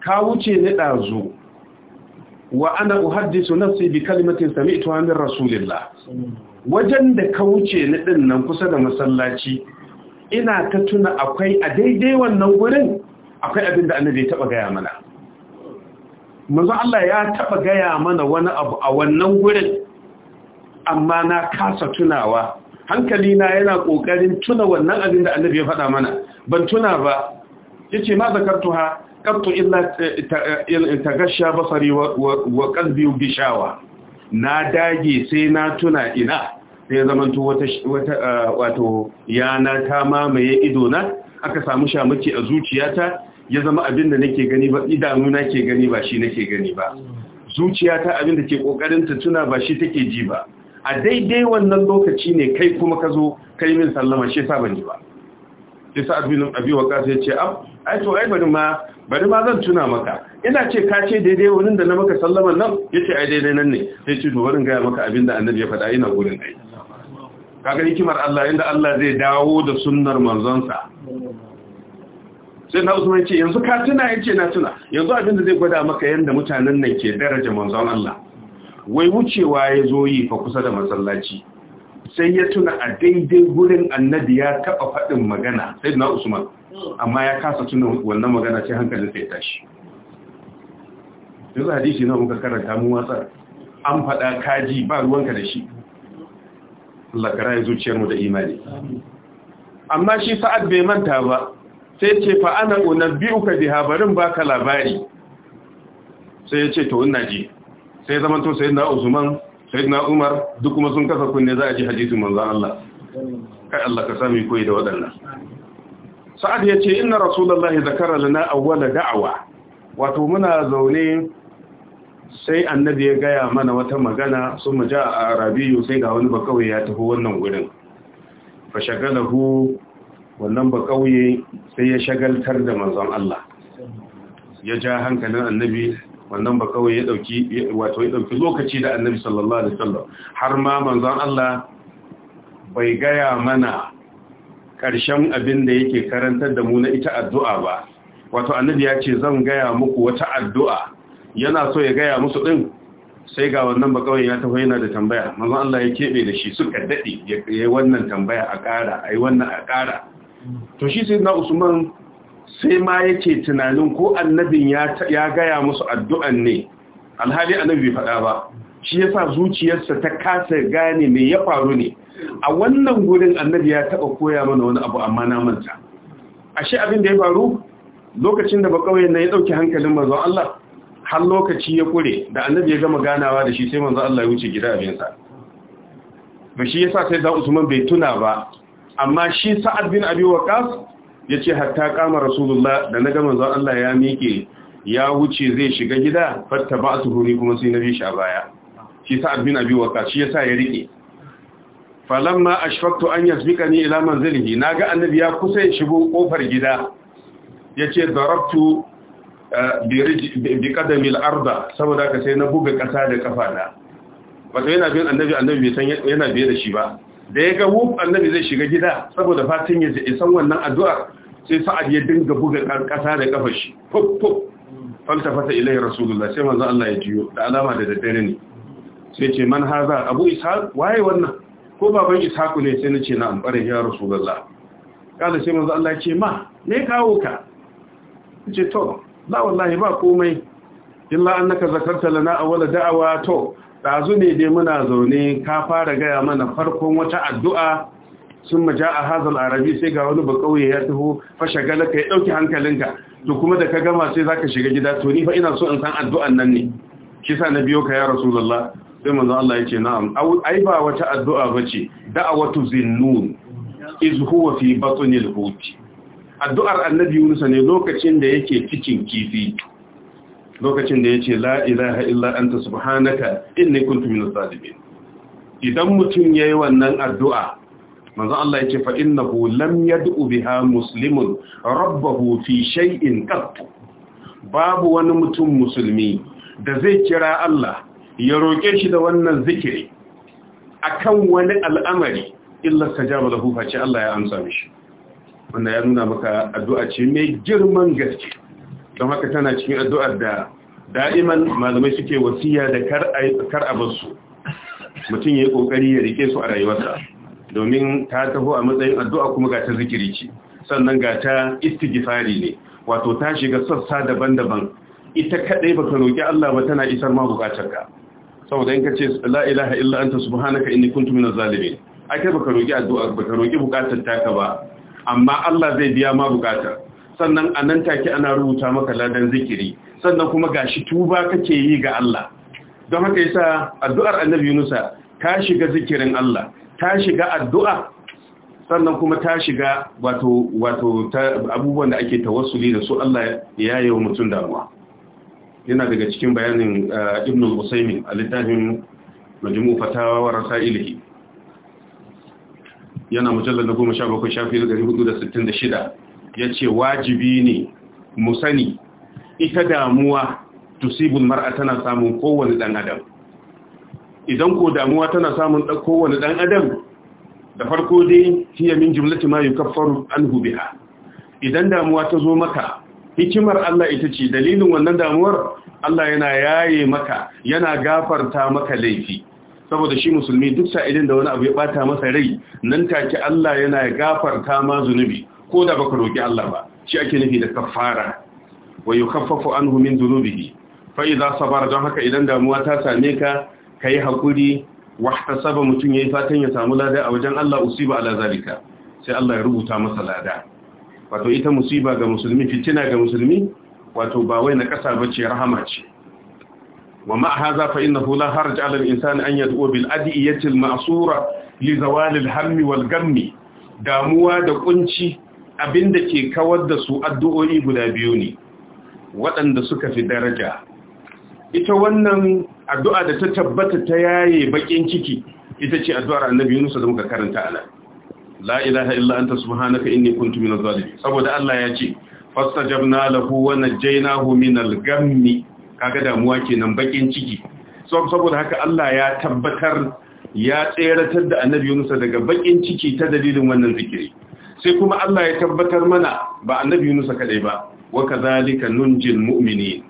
Speaker 2: ka wuce ni ɗazu wa ana uhaddisu nafsi bi kalimatin sami'tu min rasulillah wajen da ka wuce ni din nan kusa da masallaci ina ta tuna akwai a daidai wannan gurin akwai abin da annabi ya taba gaya mana manzo Allah ya taɓa gaya mana wani abu a wannan gurin amma na kasa tunawa hankali na yana kokarin tuna wannan abin da annabi ya faɗa mana ban tuna ba yace ma zakartuha qattu illa eh, eh, tagashsha basari wa qalbi gishawa na dage sai na tuna ina sai zamanto wata wata ah, wato yana ta mamaye ido na aka samu shamaki a zuciyata ya zama abin da nake gani ba idanu nake gani ba shi nake gani ba zuciyata abin da ke kokarin ta tuna ba shi take ji ba a daidai wannan lokaci ne kai kuma ka zo kai min sallama shi sa ban ba shi sa abin abi waka sai ce am. ai to ai bari ma bari ma zan tuna maka ina ce ka ce daidai wurin da na maka sallama nan yace ai daidai nan ne sai ce to wurin ga maka abin da annabi ya faɗa ina gurin ai kaga kimar Allah inda Allah zai dawo da sunnar manzonsa sai na usman ce yanzu ka tuna yace na tuna yanzu abin da zai gwada maka yanda mutanen nan ke daraja manzon Allah wai wucewa ya zo yi fa kusa da masallaci sai ya tuna a daidai gurin annabi ya taɓa faɗin magana sai na usman amma ya kasa tuna wannan magana sai hankalin sai tashi yanzu hadisi na muka karanta mu watsar an faɗa kaji ba ruwanka da shi Allah ya raye zuciyarmu da imani amma shi sa'ad bai manta ba sai ce fa ana unabbi'uka biha barin baka labari sai ya ce to ina ji sai zaman to sai usman sai umar duk kuma sun kasa kunne za a ji hadisin manzan Allah kai Allah ka sami koyi da waɗannan sa'ad ya ce inna rasulullahi zakara lana awwala da'awa wato muna zaune sai annabi ya gaya mana wata magana sun maja a arabiyu sai ga wani bakawai ya tafi wannan gudun fa shagalahu wannan bakawai sai ya shagaltar da manzon Allah ya ja hankalin annabi wannan ba kawai ya dauki wato ya dauki lokaci da annabi sallallahu alaihi wasallam har ma manzon Allah bai gaya mana ƙarshen abin da yake karantar da mu na ita addu'a ba wato annabi ya ce zan gaya muku wata addu'a yana so ya gaya musu din sai ga wannan ba kawai ya tafi yana da tambaya manzon Allah ya kebe da shi suka dade yayi wannan tambaya a ƙara ai wannan a ƙara to shi sai na Usman sai ma yake tunanin ko annabin ya gaya musu addu'an ne alhali annabi bai faɗa ba shi yasa zuciyarsa ta kasa gane me ya faru ne a wannan gurin annabi ya taɓa koya mana wani abu amma na manta shi abin da ya faru lokacin da bakawai na ya ɗauki hankalin mazan Allah har lokaci ya kure da annabi ya gama ganawa da shi sai manzon Allah ya wuce gida abinsa ba shi yasa sai da Usman bai tuna ba amma shi Sa'ad bin Abi Waqqas ya ce hatta kama rasulullah da na gama zan Allah ya miƙe ya wuce zai shiga gida fatta ba su huni kuma sai na bi shi a baya shi sa abin abi waka shi ya sa ya riƙe falamma ashfaqtu an yasbiqani ila manzilihi naga annabi ya kusa ya shigo kofar gida Ya ce darabtu eh, bi qadami al-arda saboda ka sai na buga kasa da kafana wato yana bin annabi annabi bai san yana biye da shi ba da ya ga wuf annabi zai shiga gida saboda fatin ya isan wannan addu'ar sai sa'ad ya dinga buga kasa da kafar shi fuf falta falsafata ilai rasulullah sai manzo Allah ya jiyo da alama da daddare ne sai ce man haza abu ishaq waye wannan ko baban ishaq ne sai nace na ambare ya rasulullah kada sai manzo Allah ya ce ma me kawo ka ce to la wallahi ba komai illa annaka zakarta lana awwal da'awa to ɗazu ne dai muna zaune ka fara gaya mana farkon wata addu'a sun maja a hazal arabi sai ga wani bakauye ya taho gala ka ya ɗauki hankalinka to kuma da ka gama sai za ka shiga gida to ni fa ina so in san addu'an nan ne shi sa na biyo ka ya rasulallah sai manzo Allah ya ce na'am ai ba wata addu'a bace da'awatu zinnun iz huwa fi batnil hut addu'ar annabi Yunus ne lokacin da yake cikin kifi lokacin da ya ce la ilaha illa anta subhanaka inni kuntu minaz zalimin idan mutum yayi wannan addu'a manzo Allah ya ce na ku lam yad'u ha musulmin, rabbahu fi shay'in qat babu wani mutum musulmi da zai kira Allah ya roke shi da wannan zikiri akan wani al'amari illa sajaba lahu ce Allah ya amsa mishi wannan ya nuna maka addu'a ce mai girman gaske don haka tana cikin addu'ar da da'iman malamai suke wasiya da kar a basu mutum ya yi ƙoƙari ya rike su a rayuwarsa domin ta taho a matsayin addu'a kuma ga ta zikiri ce sannan ga ta istighfari ne wato ta shiga sassa daban-daban ita kaɗai ba ka roƙi Allah ba tana isar ma ka saboda in ka ce la ilaha illa anta subhanaka inni kuntu minaz zalimin ake baka roƙi addu'a roƙi buƙatar taka ba amma Allah zai biya ma buƙatar sannan a nan take ana rubuta maka ladan zikiri sannan kuma gashi tuba kake yi ga Allah don haka yasa addu'ar annabi Yunus ta shiga zikirin Allah ta shiga addu'a sannan kuma ta shiga wato wato abubuwan da ake tawassuli da su Allah ya yi wa mutum damuwa yana daga cikin bayanin uh, Ibn al-Usaymin a littafin Majmu' Fatawa wa Rasailihi yana mujallal 17 shafi 466 ya ce wajibi ne mu sani ita damuwa tusibul mar'a tana samun kowane dan adam idan ko damuwa tana samun kowane dan adam da farko dai hiya min jumlati ma yukaffaru anhu biha idan damuwa ta zo maka hikimar Allah ita ce dalilin wannan damuwar Allah yana yaye maka yana gafarta maka laifi saboda shi musulmi duk saidin da wani abu ya bata masa rai nan take Allah yana gafarta ma zunubi ko da baka roki Allah ba shi ake nufi da kafara wa yukaffafu anhu min dhunubihi fa idza sabara don haka idan damuwa ta same ka kai hakuri wahtasaba mutun yayi fatan ya samu lada a wajen Allah usiba ala zalika sai Allah ya rubuta masa lada wato ita musiba ga musulmi fitina ga musulmi wato ba wai na kasa bace rahama ce wa ma hadha fa innahu la haraj ala al-insani an yad'u bil adiyati al-ma'sura li zawal al-hammi wal gammi damuwa da kunci abinda ke kawar da su addu'o'i guda biyu ne waɗanda suka fi daraja ita wannan addu'a da ta tabbata ta yaye baƙin ciki ita ce addu'ar annabi yunusa da muka karanta a nan la ilaha illa anta subhanaka inni kuntu minaz zalimin saboda Allah ya ce fastajabna lahu wa homi minal gammi kaga damuwa kenan bakin ciki saboda haka Allah ya tabbatar ya tseratar da annabi yunusa daga baƙin ciki ta dalilin wannan zikiri sai kuma Allah ya tabbatar mana ba annabi Yunus kadai ba wa kadhalika nunjil mu'mini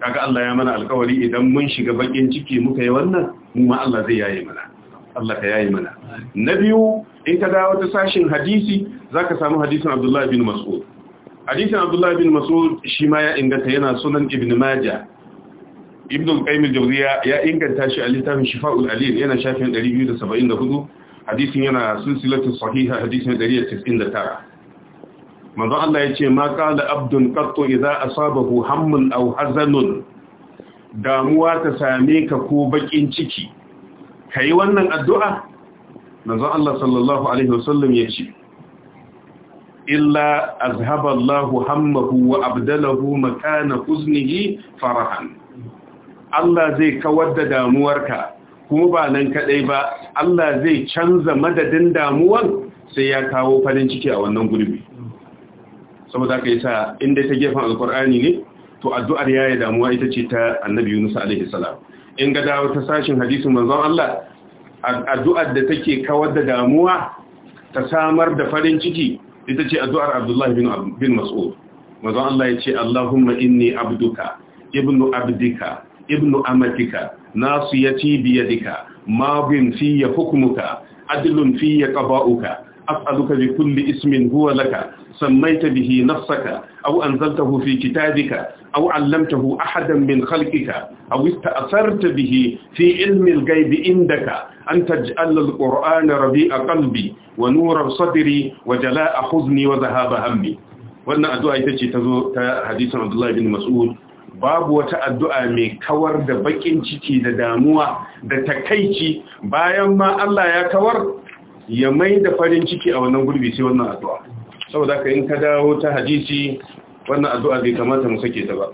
Speaker 2: kaga Allah ya mana alƙawari idan mun shiga bakin ciki muka yi wannan mu ma Allah zai yayi mana Allah ka yayi mana na in ka dawo ta sashin hadisi zaka samu hadisin Abdullah bin Mas'ud hadisin Abdullah bin Mas'ud shi ma ya inganta yana sunan Ibn Majah Ibn al-Qayyim al-Jawziyya ya inganta shi a littafin Shifa'ul Alil yana shafin 274 hadisin yana silsilatu sahiha hadisin 199 manzo Allah yace ma qala abdun qattu idza asabahu hammun aw hazanun damuwa ta same ka ko bakin ciki kai wannan addu'a manzo Allah sallallahu alaihi wasallam yace illa azhaba Allah hammahu wa abdalahu makana huznihi farahan Allah zai kawar da damuwarka kuma ba nan kadai ba Allah zai canza madadin damuwan sai ya kawo farin ciki a wannan gurbi saboda ka sa inda ta gefen alkur'ani ne to addu'ar yayi damuwa ita ce ta annabi Yunus alaihi salam in ga dawo ta sashin hadisin manzon Allah addu'ar da take kawar da damuwa ta samar da farin ciki ita ce addu'ar Abdullah bin Mas'ud manzon Allah ya ce Allahumma inni abduka ibnu abdika ibnu amatika nasiyati biyadika mabin fiyya hukmuka adlun fiyya qada'uka as'aluka bi kulli ismin huwa laka sammayta bihi nafsaka aw anzaltahu fi kitabika aw 'allamtahu ahadan min khalqika aw ista'sarta bihi fi 'ilmi al-ghaibi indaka an taj'al al-qur'ana rabi'a qalbi wa nura sadri wa jala'a huzni wa dhahaba hammi wannan addu'a ita ce ta zo ta hadisin Abdullah ibn Mas'ud babu wata addu'a mai kawar da bakin ciki da damuwa da takaici bayan ma Allah ya kawar ya mai da farin ciki a wannan gurbi sai wannan addu'a saboda ka in ka dawo ta hadisi wannan addu'a zai kamata mu sake ta ba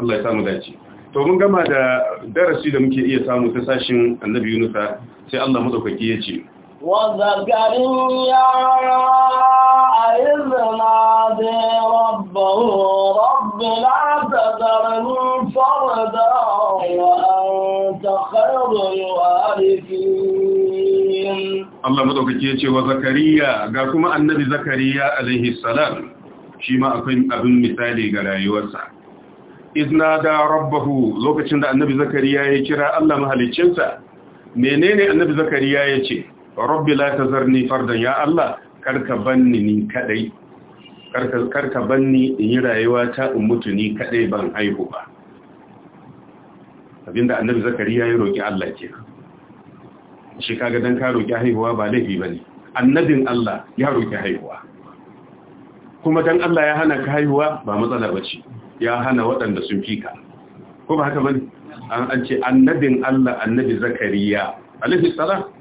Speaker 2: Allah ya samu dace to mun gama da darasi da muke iya samu ta sashin annabi Yunusa sai Allah madaukaki ya ce
Speaker 1: Wasan karya na
Speaker 2: "Wa Zakariya!" ga kuma Annabi Zakariya a Salam, shi ma akwai abin misali ga rayuwarsa. Izina da Rabahu lokacin da Annabi Zakariya ya kira Allah mahaliccinsa. Menene Annabi Zakariya yace? rabbi la tazarni fardan ya Allah karka banni ni kadai karka karka banni in yi rayuwa ta ummutu ni kadai ban haihu ba abinda annabi zakariya ya roki Allah ke shi kaga dan ka roki haihuwa ba laifi bane annabin Allah ya roki haihuwa kuma dan Allah ya hana ka haihuwa ba matsala bace ya hana waɗanda sun fika ko ba haka bane an ce annabin Allah annabi zakariya alaihi salam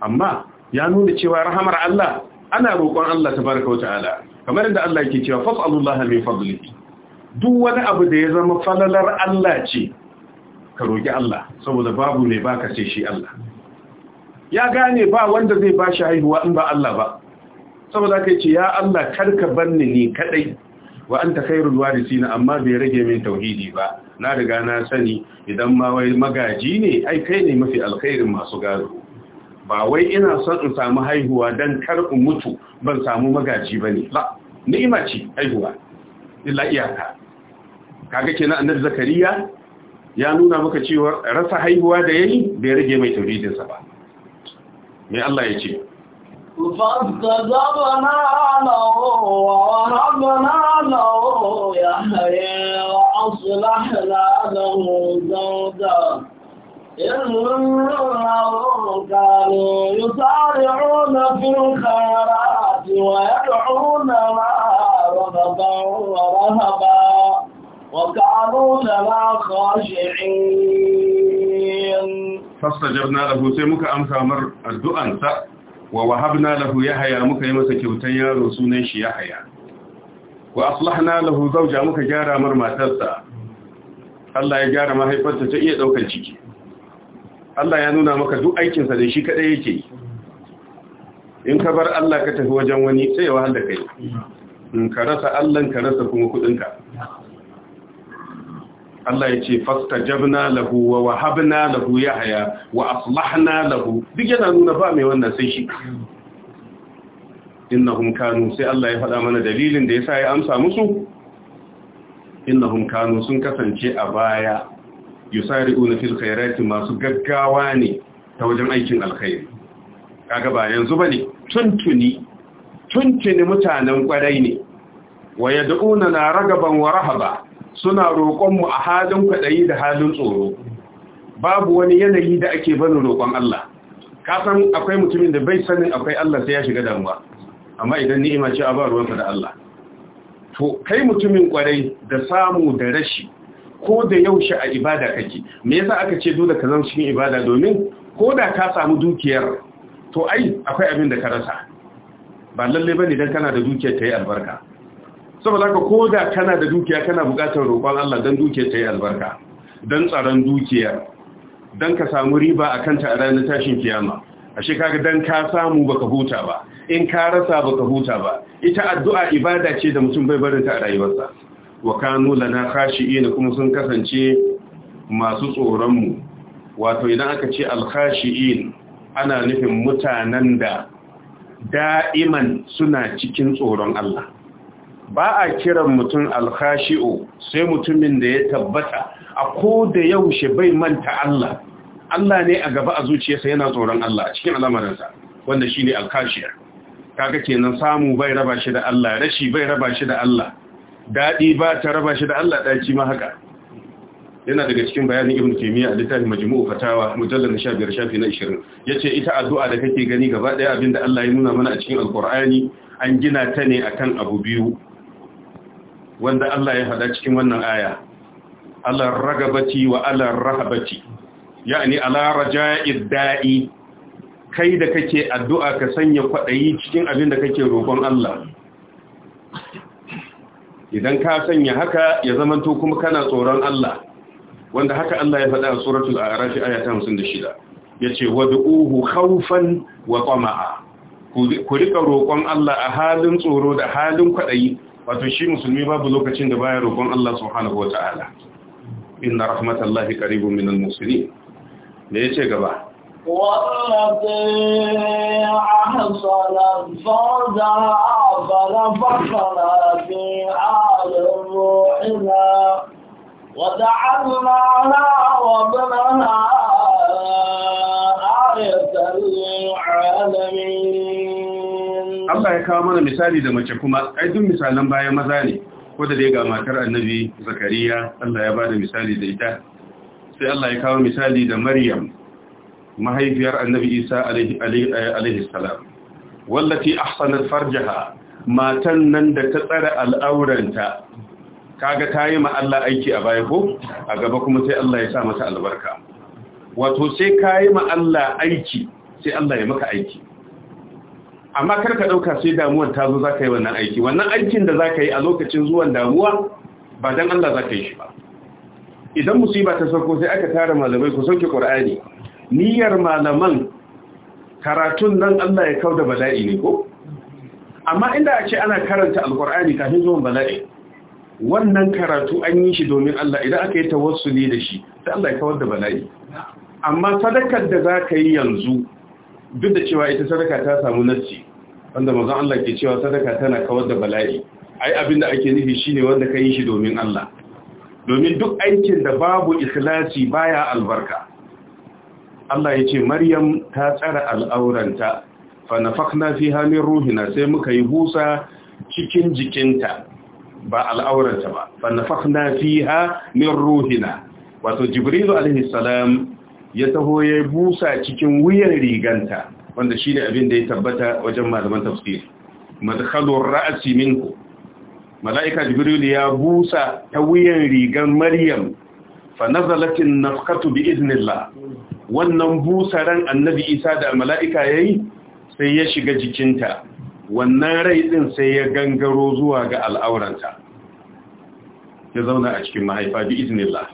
Speaker 2: amma ya nuna cewa rahamar Allah ana roƙon Allah tabaraka wata'ala kamar yadda Allah yake cewa fas'alullaha min fadlihi duk wani abu da ya zama falalar Allah ce ka roƙi Allah saboda babu mai baka sai shi Allah ya gane ba wanda zai ba shi haihuwa in ba Allah ba saboda kai ce ya Allah karka banni ni kadai wa anta khairul sina, amma bai rage min tauhidi ba na riga na sani idan ma wai magaji ne ai kai ne mafi alkhairin masu gado ba wai ina son in samu haihuwa don kar in mutu ban samu magaji ba ne ba ni'ima ce haihuwa illa iyaka kaga kenan annabi zakariya ya nuna maka cewa rasa haihuwa da yayi bai rage mai tauridin sa ba me Allah ya ce
Speaker 1: فاستجبنا فاستجبنا
Speaker 2: له سي muka amsa mar addu'an wa wahabna lahu yahya muka yi masa kyautan yaro sunan shi yahya wa aslahna lahu zawja muka gyara mar matarsa Allah ya gyara mahaifarta ta iya daukar ciki Allah ya nuna maka duk aikinsa da shi kaɗai yake yi in ka bar Allah ka tafi wajen wani sai ya wahal da kai in ka rasa Allah ka rasa kuma kuɗinka Allah ya ce fastajabna lahu wa wahabna lahu yahya wa aslahna lahu duk yana nuna ba mai wannan sai shi innahum kanu sai Allah ya faɗa mana dalilin da ya sa ya amsa musu innahum kanu sun kasance a baya yusari'una fil khairati masu gaggawa ne ta wajen aikin alkhairi kaga ba yanzu bane tuntuni tuntuni mutanen kwarai ne wa yad'una na ragaban wa rahaba suna roƙon mu a halin kwadayi da halin tsoro babu wani yanayi da ake bani roƙon Allah ka san akwai mutumin da bai sanin akwai Allah sai ya shiga damuwa amma idan ni'ima ce a ba ruwansa da Allah to kai mutumin kwarai da samu da rashi ko da yaushe a ibada kake me yasa aka ce dole ka zama cikin ibada domin ko da ka samu dukiyar to ai akwai abin da ka rasa ba lalle bane dan kana da dukiyar ta yi albarka saboda haka ko da kana da dukiya kana buƙatar roƙon Allah dan dukiyar ta albarka dan tsaron dukiyar dan ka samu riba akan ta a ranar tashin kiyama ashe kaga dan ka samu baka huta ba in ka rasa baka huta ba ita addu'a ibada ce da mutum bai barinta a rayuwarsa wa kanu lana khashi'ina kuma sun kasance masu tsoron mu wato idan aka ce al-khashi'in ana nufin mutanen da da'iman suna cikin tsoron Allah ba a kiran mutum al sai mutumin da ya tabbata a ko da yaushe bai manta Allah Allah ne a gaba a zuciyarsa yana tsoron Allah cikin al'amarinsa wanda shine al-khashi'a kaga kenan samu bai raba shi da Allah rashi bai raba shi da Allah daɗi ba ta raba shi da Allah ɗaci ma haka yana daga cikin bayanin ibn taymiya a littafin majmu'u fatawa mujallal 15 shafi na 20 yace ita addu'a da kake gani gaba daya abinda Allah ya nuna mana a cikin alqur'ani an gina ta ne akan abu biyu wanda Allah ya faɗa cikin wannan aya ala ragabati wa ala rahabati yani ala raja'i da'i kai da kake addu'a ka sanya kwadayi cikin abinda kake roƙon Allah idan ka sanya haka ya zamanto kuma kana tsoron Allah wanda haka Allah ya faɗa a suratul arafi aya ta 56 yace wad'uhu khawfan wa tama'a ku rika roƙon Allah a halin tsoro da halin kwadayi wato shi musulmi babu lokacin da baya roƙon Allah subhanahu wata'ala inna rahmatallahi qaribun minal muslimin me yace gaba
Speaker 1: والذي أحصل ربنا فخنا في حال روحنا وجعلنا لها وابنها آية للعالمين الله
Speaker 2: يكامل مثالي da mace kuma ai duk misalan bayan maza ne ko da dai ga matar annabi zakariya Allah ya bada misali da ita sai Allah ya kawo misali da maryam mahaifiyar annabi isa alaihi salam wallati ahsanat farjaha matan nan da ta tsara al'auranta kaga ta yi ma Allah aiki a baya ko a gaba kuma sai Allah ya sa mata albarka wato sai ka yi ma Allah aiki sai Allah ya maka aiki amma karka ɗauka sai damuwar ta zo za ka yi wannan aiki wannan aikin da za ka yi a lokacin zuwan damuwa ba don Allah za ka yi shi ba idan musiba ta sauko sai aka tara malamai ku sauke ƙur'ani niyyar malaman karatun nan Allah ya kau da bala'i ne ko amma inda a ce ana karanta alkur'ani kafin zuwan bala'i wannan karatu an yi shi domin Allah idan aka yi tawassuli da shi sai Allah ya kawar da bala'i amma sadakar da za ka yi yanzu duk da cewa ita sadaka ta samu nassi wanda manzon Allah ke cewa sadaka tana kawar da bala'i ai abinda ake nufi shine wanda ka yi shi domin Allah domin duk aikin da babu ikhlasi baya albarka Allah ya ce Maryam ta tsara al'auranta fa fi fiha ruhina sai muka yi busa cikin jikinta ba al'auranta ba fa fi fiha ruhina wato jibrilu alaihi ya taho ya busa cikin wuyan riganta wanda shine abin da ya tabbata wajen malaman tafsir madkhalur ra'si minhu mala'ika jibril ya busa ta wuyan rigan maryam fa nazalatin nafqatu bi idnillah wannan busaran annabi isa da mala'ika yayi sai ya shiga jikinta wannan rai din sai ya gangaro zuwa ga al'auranta ya zauna a cikin mahaifa bi iznillah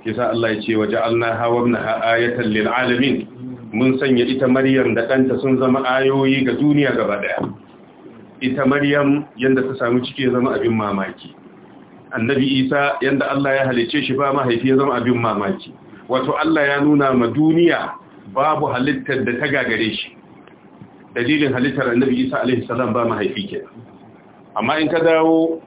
Speaker 2: kisa Allah ya ce waje alna hawamnaha ayatan lil alamin mun sanya ita maryam da ɗanta sun zama ayoyi ga duniya gaba daya ita maryam yanda ta samu ciki ya zama abin mamaki annabi isa yanda Allah ya halice shi ba mahaifi ya zama abin mamaki wato Allah ya nuna ma duniya babu halittar da ta gagare shi dalilin halittar annabi isa alaihi salam ba mahaifi ke amma in ka dawo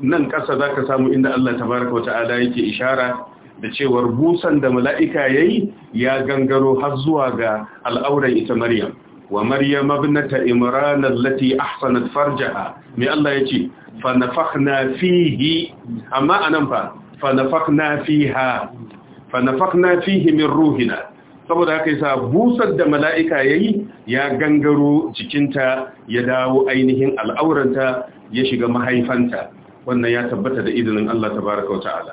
Speaker 2: nan ƙasa za ka samu inda Allah tabaraka wata'ala yake ishara da cewar busan da mala'ika ya yi ya gangaro har zuwa ga al'auran ita maryam wa maryam abinata imran allati ahsanat farjaha mai Allah ya ce fa nafakhna fihi amma anan fa fa nafakhna fa fihi min ruhina saboda haka yasa busar da mala'ika yayi ya gangaro jikinta ya dawo ainihin al'auranta ya shiga mahaifanta wannan ya tabbata da izinin Allah tabaaraka ta'ala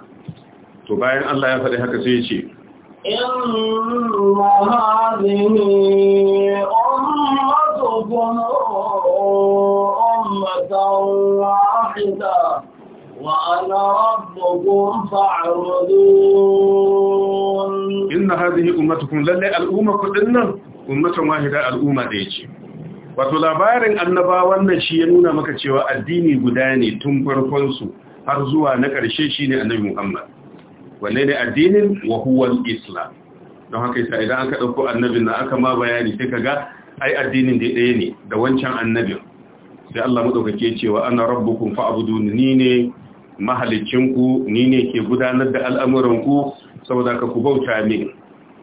Speaker 2: to bayan Allah ya faɗi haka sai ya ce
Speaker 1: inna ummatukum ummatan wahida وأنا ربكم فاعبدون
Speaker 2: إن هذه أمتكم للي الأمة كلنا أمة واحدة الأمة ديجي wato labarin annabawan nan shi ya nuna maka cewa addini guda ne tun farkonsu har zuwa na ƙarshe shi ne annabi Muhammad wanne ne addinin wa huwal islam don haka yasa idan aka ɗauko annabin na aka ma bayani sai kaga ai addinin da ɗaya ne da wancan annabin sai Allah madaukake cewa ana rabbukum fa'buduni ni ne mahalicinku ni ne ke gudanar da al'amuranku saboda ka ku bauta ne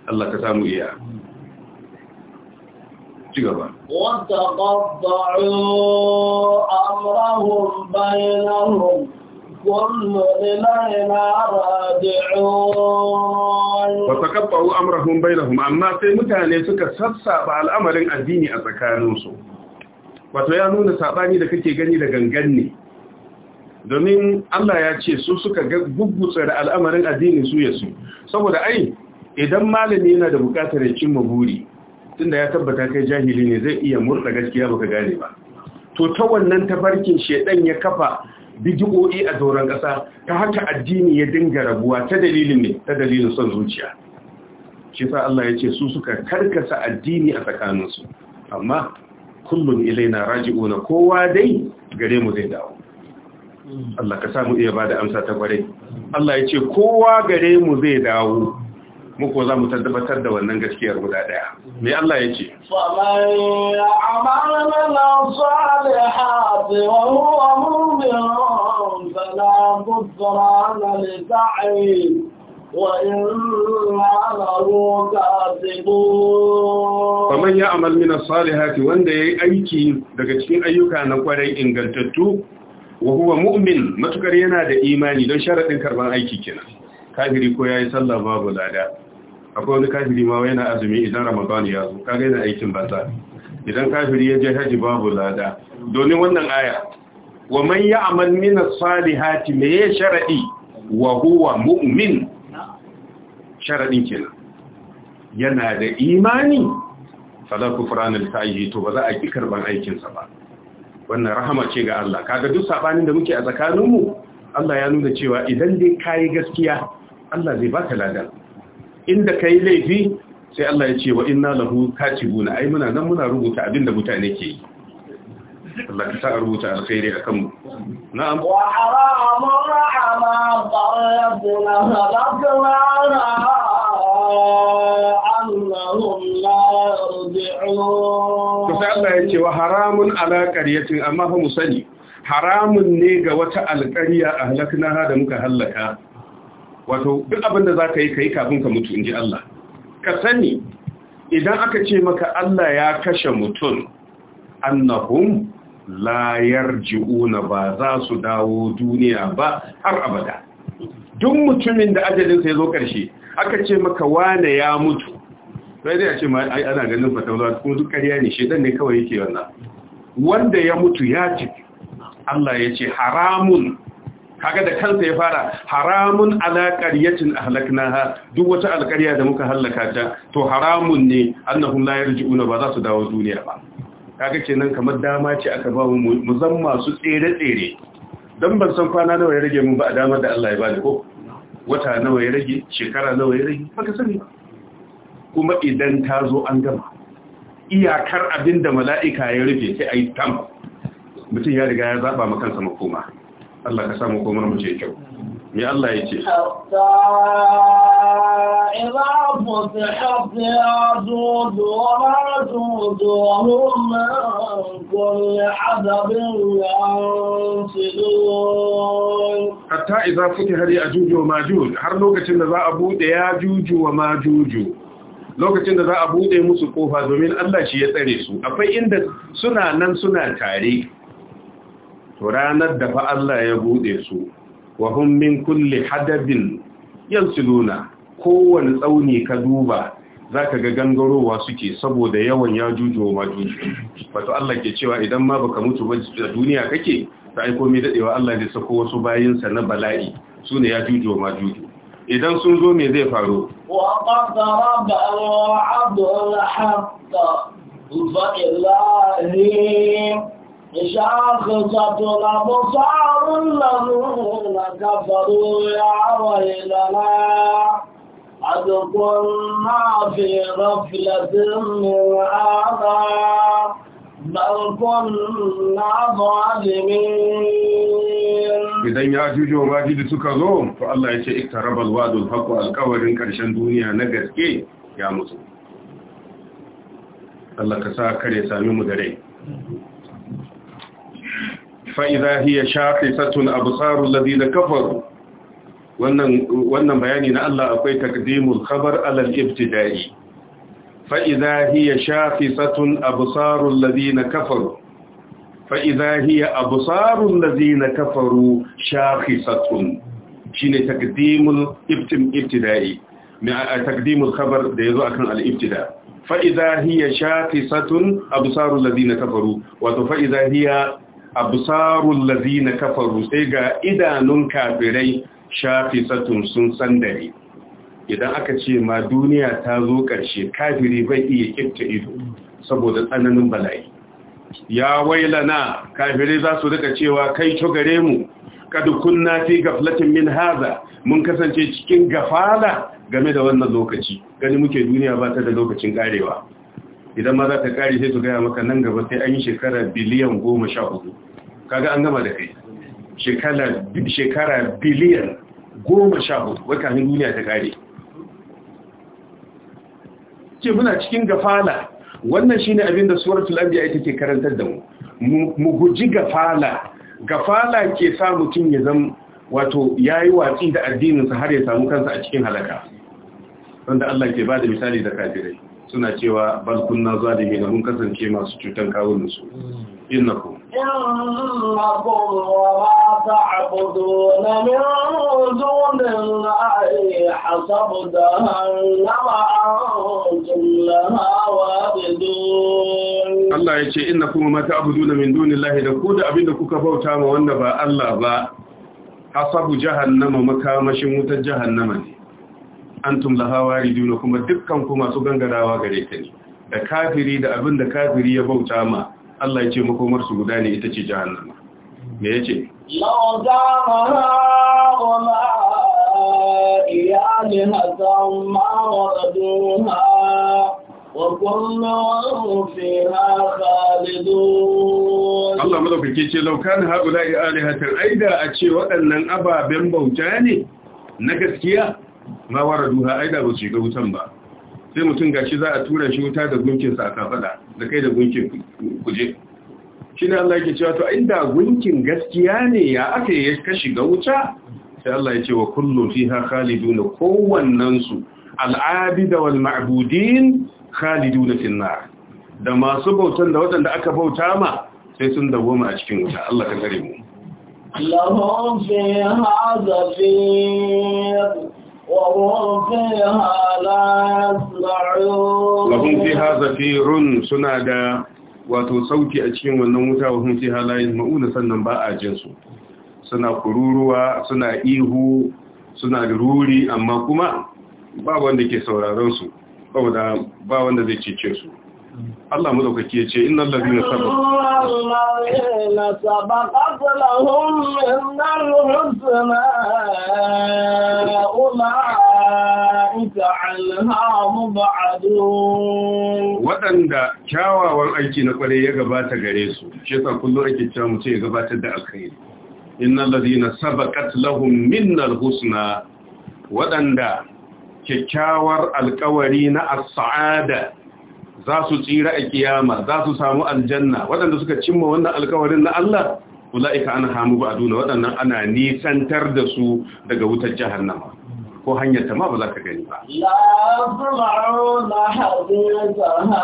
Speaker 2: Allah ka samu iya
Speaker 1: ci gaba wata ƙadda'u amurahun bayanahun kullu ilaina raji'un
Speaker 2: wata ƙadda'u amurahun bayanahun amma sai mutane suka sassaɓa al'amarin addini a tsakaninsu wato ya nuna saɓani da kake gani da gangan ne domin Allah ya ce su suka gugutsa da al'amarin addinin su ya su saboda ai idan malami yana da bukatar ya cimma buri tunda ya tabbata kai jahili ne zai iya murda gaskiya baka gane ba to ta wannan tafarkin shedan ya kafa bidi'o'i a doron ƙasa ta haka addini ya dinga rabuwa ta dalilin ne ta dalilin son zuciya shi sa Allah ya ce su suka karkasa addini a tsakaninsu amma kullum ilaina raji'una kowa dai gare mu zai dawo Allah ka samu iya ba da amsa ta kwarai Allah ya ce kowa gare mu zai dawo muku za mu tabbatar da wannan gaskiyar guda daya me Allah ya ce faman ya amal mina salihati wanda ya yi aiki daga cikin ayyuka na kwarai ingantattu wa huwa mu'min matukar yana da imani don sharaɗin karban aiki kenan kafiri ko yayi sallah babu lada akwai wani kafiri ma yana azumi idan ramadan ya zo kaga yana aikin banza idan kafiri ya je haji babu lada domin wannan aya wa man ya'mal min as-salihati me sharadi wa huwa mu'min sharadin kenan yana da imani fala kufranul sa'i to ba za a ki karban aikin sa ba wannan rahama ce ga Allah kaga duk sabanin da muke a mu Allah ya nuna cewa idan dai kayi gaskiya Allah zai baka lada. inda kai laifi sai Allah ya ce wa inna lahu katibuna ai muna nan muna rubuta abin da mutane ke yi Allah ka sa rubuta alkhairi akan mu
Speaker 1: na'am wa haramun rahama qarrabuna halakna annahum sai Allah ya
Speaker 2: ce wa haramun ala qaryatin amma fa sani. haramun ne ga wata alƙarya a halaknaha da muka halaka wato duk abin da zaka yi kai kafin ka mutu inji Allah ka sani idan aka ce maka Allah ya kashe mutum annahum la yarji'una ba za su dawo duniya ba har abada duk mutumin da ajalinsa ya zo ƙarshe aka ce maka wane ya mutu sai dai ce ma ana ganin fatawa kuma duk ƙarya ne shedan ne kawai yake wannan wanda ya mutu ya ci Allah ya ce haramun kaga da kansa ya fara haramun ala qaryatin ahlaknaha duk wata alƙarya da muka halaka ta to haramun ne annahum la yarji'una ba za su dawo duniya ba kaga kenan kamar dama ce aka ba mu mu zan masu tsere-tsere don ban san kwana nawa ya rage mun ba a damar da Allah ya bani ko
Speaker 1: wata nawa ya
Speaker 2: rage shekara nawa ya rage baka sani kuma idan ta zo an gama iyakar abin da mala'ika ya rufe sai a yi tam mutum ya riga ya zaɓa makansa makoma Allah ka samu komar mace kyau me Allah ya ce hatta idza har ya juju wa majuj har lokacin da za a bude juju wa majuju lokacin da za a bude musu kofa domin Allah shi ya tsare su akwai inda suna nan suna tare to ranar da fa Allah ya bude su wa hum min kulli hadabin yansiluna kowane tsauni ka duba zaka ga gangarowa suke saboda yawan ya yajuju wa majuju wato Allah ke cewa idan ma baka mutu ba duniya kake ta aiko mi dadewa Allah zai sako wasu bayinsa na bala'i sune yajuju wa majuju idan sun zo me zai
Speaker 1: faru wa qad rabba abdu شاخصة الأبصار الذين كفروا يا ويلنا قد كنا في غفلة من هذا بل كنا ظالمين
Speaker 2: idan ya jujo majidi suka zo to Allah ya ce iktaraba alwadul haqq alkawarin ƙarshen duniya na gaske ya mutu Allah ka sa kare sami mu da rai fa'iza hiya shaqisatun absarul ladina kafaru wannan wannan bayani na Allah akwai taqdimul khabar alal ibtida'i fa'iza hiya shaqisatun absarul ladina kafaru fa'iza hiya absarul ladina kafaru shaqisatun shine taqdimul ibtim ibtida'i mai taqdimul khabar da yazo akan al ibtida' fa'iza hiya shaqisatun absarul ladina kafaru wato fa'iza hiya absarul lazina kafaru sai ga idanun kafirai shafi shafisatun sun dare idan aka ce ma duniya ta zo karshe kafiri bai iya kifta ido saboda tsananin bala'i ya wailana kafirai za su rika cewa kai gare mu kad kunna fi gaflatin min haza mun kasance cikin gafala game da wannan lokaci gani muke duniya ba ta da lokacin karewa idan ma za ta kare sai su gaya maka nan gaba sai an yi shekara biliyan goma sha hudu kaga an gama da kai shekara biliyan goma sha hudu wata ne duniya ta kare ce muna cikin gafala wannan shine abin da suratul ita ke karantar da mu mu guji gafala gafala ke sa mutum ya zama wato ya yi watsi da addininsa har ya samu kansa a cikin halaka wanda Allah ke bada misali da kafirai suna cewa zuwa kunna zalimin mun kasance masu cutan kawunansu mm. innakum
Speaker 1: إنكم
Speaker 2: Allah ya ce ina kuma mata abu min duni lahi da ku da abinda kuka bauta ma wanda ba Allah ba hasabu jahannama makamashin wutar jahannama ne antum lahawari duna kuma dukkan kuma masu gangarawa gare ta ne da kafiri da da kafiri ya bauta ma Allah ya ce makomar guda ne ita ce jahannama me yace
Speaker 1: Allah zamara wala iyali ma wa Allah
Speaker 2: ce law haula aida a ce waɗannan ababen bauta ne na gaskiya ma waraduha aida ba su ga wutan ba sai mutum gashi za a tura shi wuta da gunkinsa a kafada da kai da gunkin kuje shi ne Allah yake cewa to inda gunkin gaskiya ne ya aka yi ka shiga wuta sai Allah ya ce wa kullu fiha khaliduna kowannan su al'abida wal ma'budin khaliduna fil nar da masu bautan da waɗanda aka bauta ma sai sun dawoma a cikin wuta Allah ka kare mu
Speaker 1: Allahumma fiha zafir وهم فيها لا يسمعون وهم فيها
Speaker 2: wato sauki a cikin wannan wuta wa haza yin ma'una sannan ba a jinsu suna kururuwa suna ihu suna ruri amma kuma ba wanda ke sauraron su ba wanda zai cece su Allah madaukaki ya ce innal ladina
Speaker 1: sabaqat lahum innal husna ulaika anha mubadun wadanda kyawawan
Speaker 2: aiki na kware ya gabata gare su shi sa kullu ake cewa mutum ya gabatar da alkhairi innal ladina sabaqat lahum minnal husna wadanda kyakkyawar alkawari na as-sa'ada za su tsira a kiyama za su samu aljanna waɗanda suka cimma wannan alkawarin na Allah ula'ika an hamu ba aduna waɗannan ana nisantar da su daga wutar jahannama ko hanyar ta ma ba za ka gani
Speaker 1: ba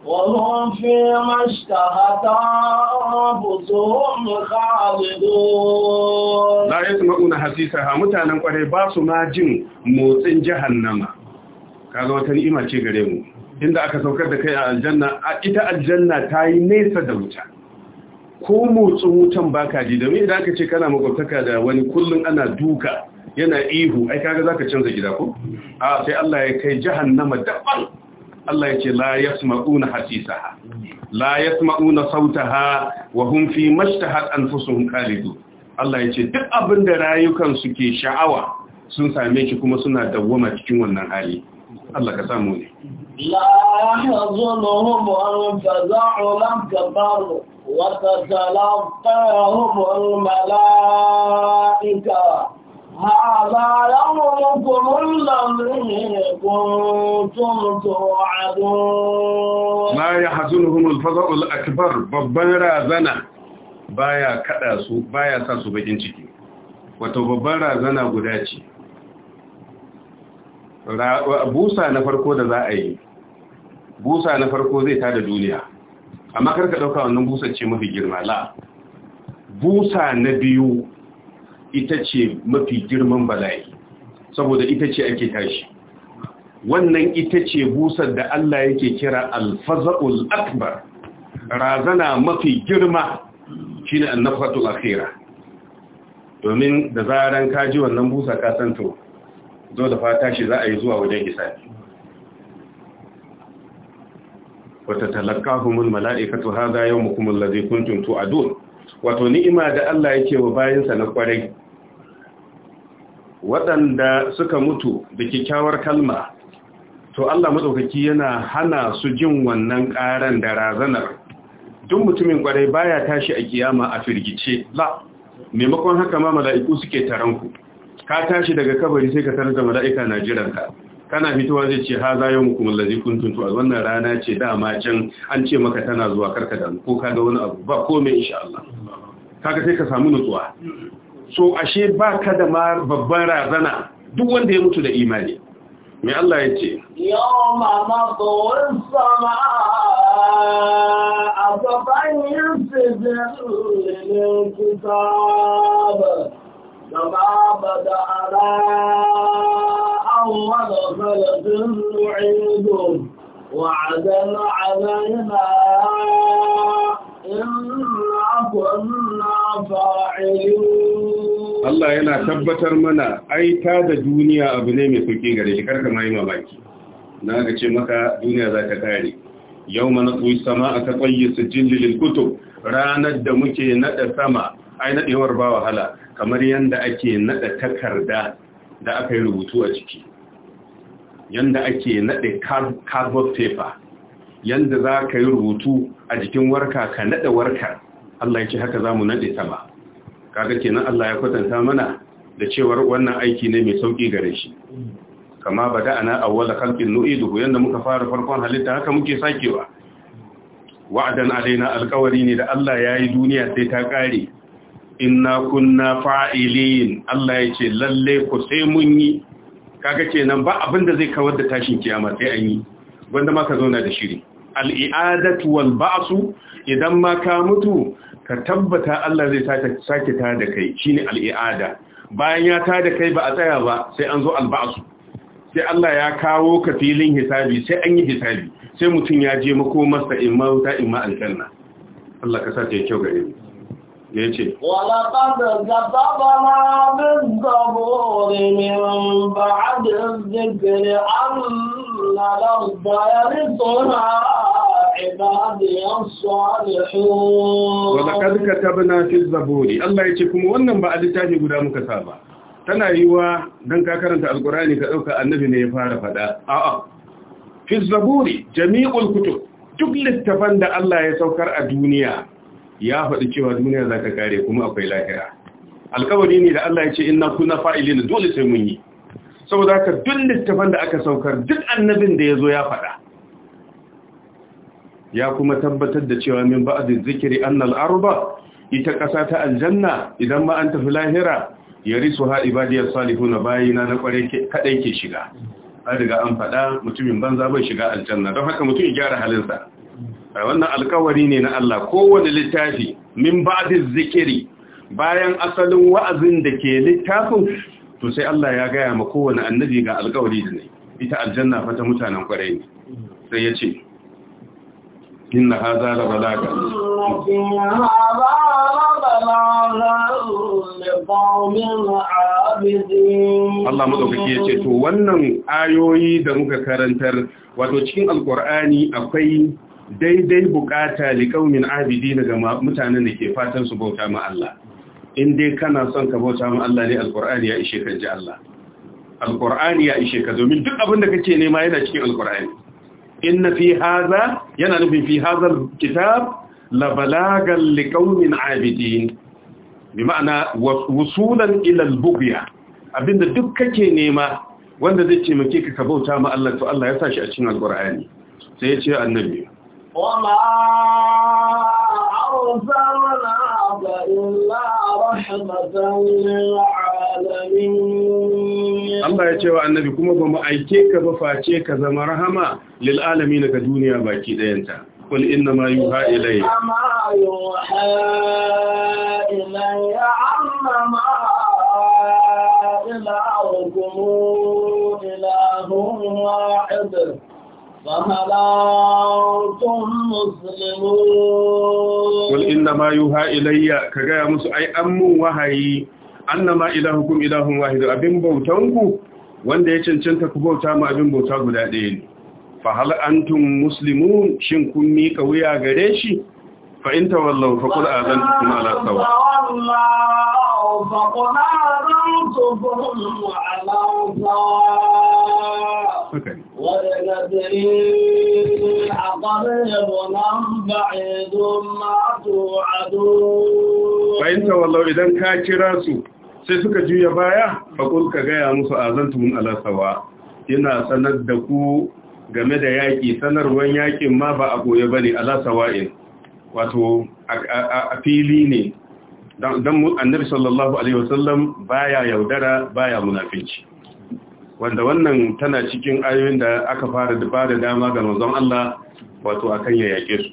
Speaker 1: وهم فيما اشتهت أنفسهم خالدون
Speaker 2: لا يسمعون حسيسها متانا قريبا سما جن جهنم kaga wata ni'ima ce gare mu inda aka saukar da kai a aljanna a ita aljanna ta yi nesa da wuta ko motsin wutan baka ji domin idan aka ce kana makwabtaka da wani kullum ana duka yana ihu ai kaga zaka canza gida ko a sai Allah ya kai jahannama daban Allah ya ce la yasma'una hasisaha la yasma'una sautaha wa hum fi mashtahat anfusuhum khalidun Allah ya ce duk abinda da rayukan suke sha'awa sun same shi kuma suna dawwama cikin wannan hali الله كساموني
Speaker 1: لا يظنهم الفزع لم كبر وتتلقاهم الملائكة هذا يومكم الذي كنتم توعدون لا
Speaker 2: يحزنهم الفزع الأكبر ببرا زنا بايا كأسو بايا ساسو بجنشكي وتببرا زنا قداتي busa na farko da za a yi busa na farko zai ta da duniya amma karka dauka wannan busa ce mafi girma la busa na biyu ita ce mafi girman bala'i saboda ita ce ake tashi wannan ita ce busar da Allah yake kira alfaza'ul akbar razana mafi girma shine annafatul akhira domin da zaran ka ji wannan busa ka santo dole fata shi za a yi zuwa wajen hisabi wata talakahumul mala'ikatu hadha kun tuntu a tu'adun wato ni'ima da Allah ya yake wa bayansa na kwarai waɗanda suka mutu da kyakkyawar kalma to Allah matsaukaki yana hana su jin wannan ƙaran da razanar duk mutumin kwarai baya tashi a kiyama a firgice la maimakon haka ma mala'iku suke taranku ku ka tashi daga kabari sai ka tarar da mala'ika na jiranka kana fitowa zai ce ha za yau muku mallazi kuntun wannan rana ce dama can an ce maka tana zuwa karka da ko ka ga wani abu ba ko mai insha Allah kaga sai ka samu nutsuwa so ashe ba ka da ma babban razana duk wanda ya mutu da imani mai Allah ya ce
Speaker 1: sama a gaban yin كما بدأنا Allah
Speaker 2: yana tabbatar mana aita da duniya abu ne mai sauki gare shi karka mai mamaki na ga ce maka duniya za ta kare yau mana tsoyi sama a ta tsayi su lilin kutub ranar da muke naɗa sama ai nadewar ba wahala kamar yadda ake naɗa takarda da aka yi rubutu a ciki yanda ake nade carbon paper yadda za ka yi rubutu a jikin warka ka nada warka. Allah ya ce haka za mu naɗe ta ba kaga kenan Allah ya kwatanta mana da cewar wannan aiki ne mai sauƙi gare shi kama ba da ana awwala khalqin nu'iduhu yanda muka fara farkon halitta haka muke sakewa wa'adan alaina alƙawari ne da Allah ya yi duniya sai ta ƙare inna kunna fa'ilin Allah ya ce lalle ku sai mun yi kaga kenan ba abinda zai kawar da tashin kiyama sai an yi wanda ma ka zauna da shiri al'i'adatu wal ba'su idan ma ka mutu ka tabbata Allah zai sake ta da kai shine al'i'ada bayan ya ta da kai ba a tsaya ba sai an zo al ba'su sai Allah ya kawo ka filin hisabi sai an yi hisabi sai mutum ya je makomarsa in mauta in ma aljanna Allah ka sa ta kyau gare mu ya ce
Speaker 1: walaƙadar gabana bin gabori min an bayanin fi
Speaker 2: zaburi Allah ya ce kuma wannan ba a littafi guda muka saba. tana yiwa don ka karanta alkurani ka ɗauka annabi ne ya fara faɗa a'a fi zaburi jami'ul kutub duk littafan da Allah ya saukar a duniya ya faɗi cewa duniya za ta kare kuma akwai lahira alkawari ne da Allah ya ce inna kuna fa'ilin dole sai mun yi saboda ka duk littafin da aka saukar duk annabin da ya zo ya faɗa ya kuma tabbatar da cewa min ba'd zikri annal arba ita ƙasa ta aljanna idan ma an tafi lahira yarisuha ibadiyas salihuna bayina na kware kaɗai ke shiga an riga an faɗa mutumin banza bai shiga aljanna don haka mutum ya gyara halinsa wannan alkawari ne na Allah kowane littafi min badi zikiri bayan asalin wa'azin da ke littafin to sai Allah ya gaya ma kowane annabi ga alkawari da ne ita aljanna fa ta mutanen kwarai ne sai ya ce inna hadha la balaga
Speaker 1: Allah madaukaki ya ce to
Speaker 2: wannan ayoyi da muka karantar wato cikin alkur'ani akwai daidai bukata liƙaunin abidi ga mutanen da ke fatan su bauta ma Allah in dai kana son ka bauta ma Allah ne alkur'ani ya ishe ka ji Allah alkur'ani ya ishe ka domin duk abin da kake nema yana cikin alkur'ani inna fi haza yana nufin fi hazal kitab la balagan liƙaunin abidin bi ma'ana wusulan ila al-bughya abinda duk kake nema wanda zai ce maka ka bauta ma Allah to Allah ya sa shi a cikin alkur'ani sai ya ce annabi
Speaker 1: وما أرسلناك إلا رحمة للعالمين Allah
Speaker 2: ya ce wa annabi kuma ba mu aike ka ba face ka zama rahama lil alamin ga duniya baki dayanta قل إنما يوحى إلي
Speaker 1: إنما يوحى Wal
Speaker 2: inda ma yi ha ilayya ka gaya musu ai ammun wahayi, Annama na ma ilahukun ilahun abin bautanku wanda ya cancanta ku bauta ma abin bauta guda ɗaya ne. Fahal an tun musulmi shin kun mika wuya gare shi, fa’inta wallon fa’ul’azan kuma ala
Speaker 1: فقد أعلمتكم على الله ولنبئي أقرب
Speaker 2: من sai suka juya baya faƙul ka gaya musu azantumun alasawa ina sanar da ku game da yaƙi sanarwar yaƙin ma ba a goye ba ne alasawa'in wato a fili ne don annabi sallallahu alaihi wasallam baya yaudara baya munafinci wanda wannan tana cikin ayoyin da aka fara da bada dama ga manzon Allah wato akan ya yake su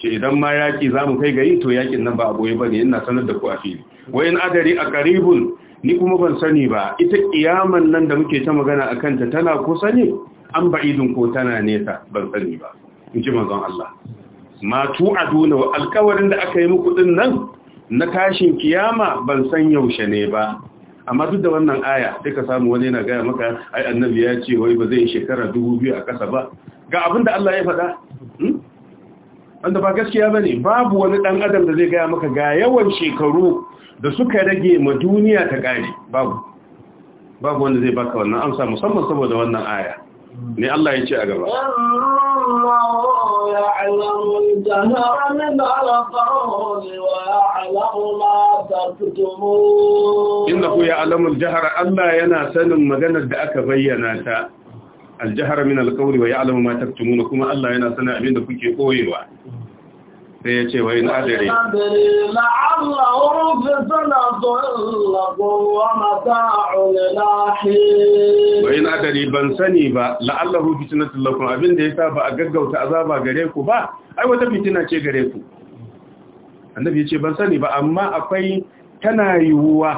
Speaker 2: ce idan ma yaki zamu kai ga yi to yakin nan ba aboye bane ina sanar da ku a fili Wai in adari a qaribun ni kuma ban sani ba ita kiyaman nan da muke ta magana akan ta tana kusa ne an ba'idun ko tana nesa ban sani ba in ji manzon Allah ma tu'aduna alƙawarin da aka yi muku din nan na tashin kiyama ban san yaushe ne ba amma duk da wannan aya sai ka samu wani yana gaya maka ai annabi ya ce wai ba zai yi shekara dubu biyu a ƙasa ba ga abin da Allah ya faɗa hmm? wanda ba gaskiya ba ne babu wani ɗan adam da zai gaya maka ga yawan shekaru da suka rage ma duniya ta ƙari babu babu wanda zai baka wannan amsa musamman saboda wannan aya ne Allah ya ce a gaba inna ku ya alamul jihar Allah yana sanin maganar da aka bayyana ta aljihar min alkawri wa ya alamu ma taktumuna kuma Allah yana sanin abin da kuke koyewa sai ya ce wai na dare wai na dare ban sani ba la'allahu fitina lakum abin da yasa ba a gaggauta azaba gare ku ba ai wata fitina ce gare ku annabi ya ce ban sani ba amma akwai tana yiwuwa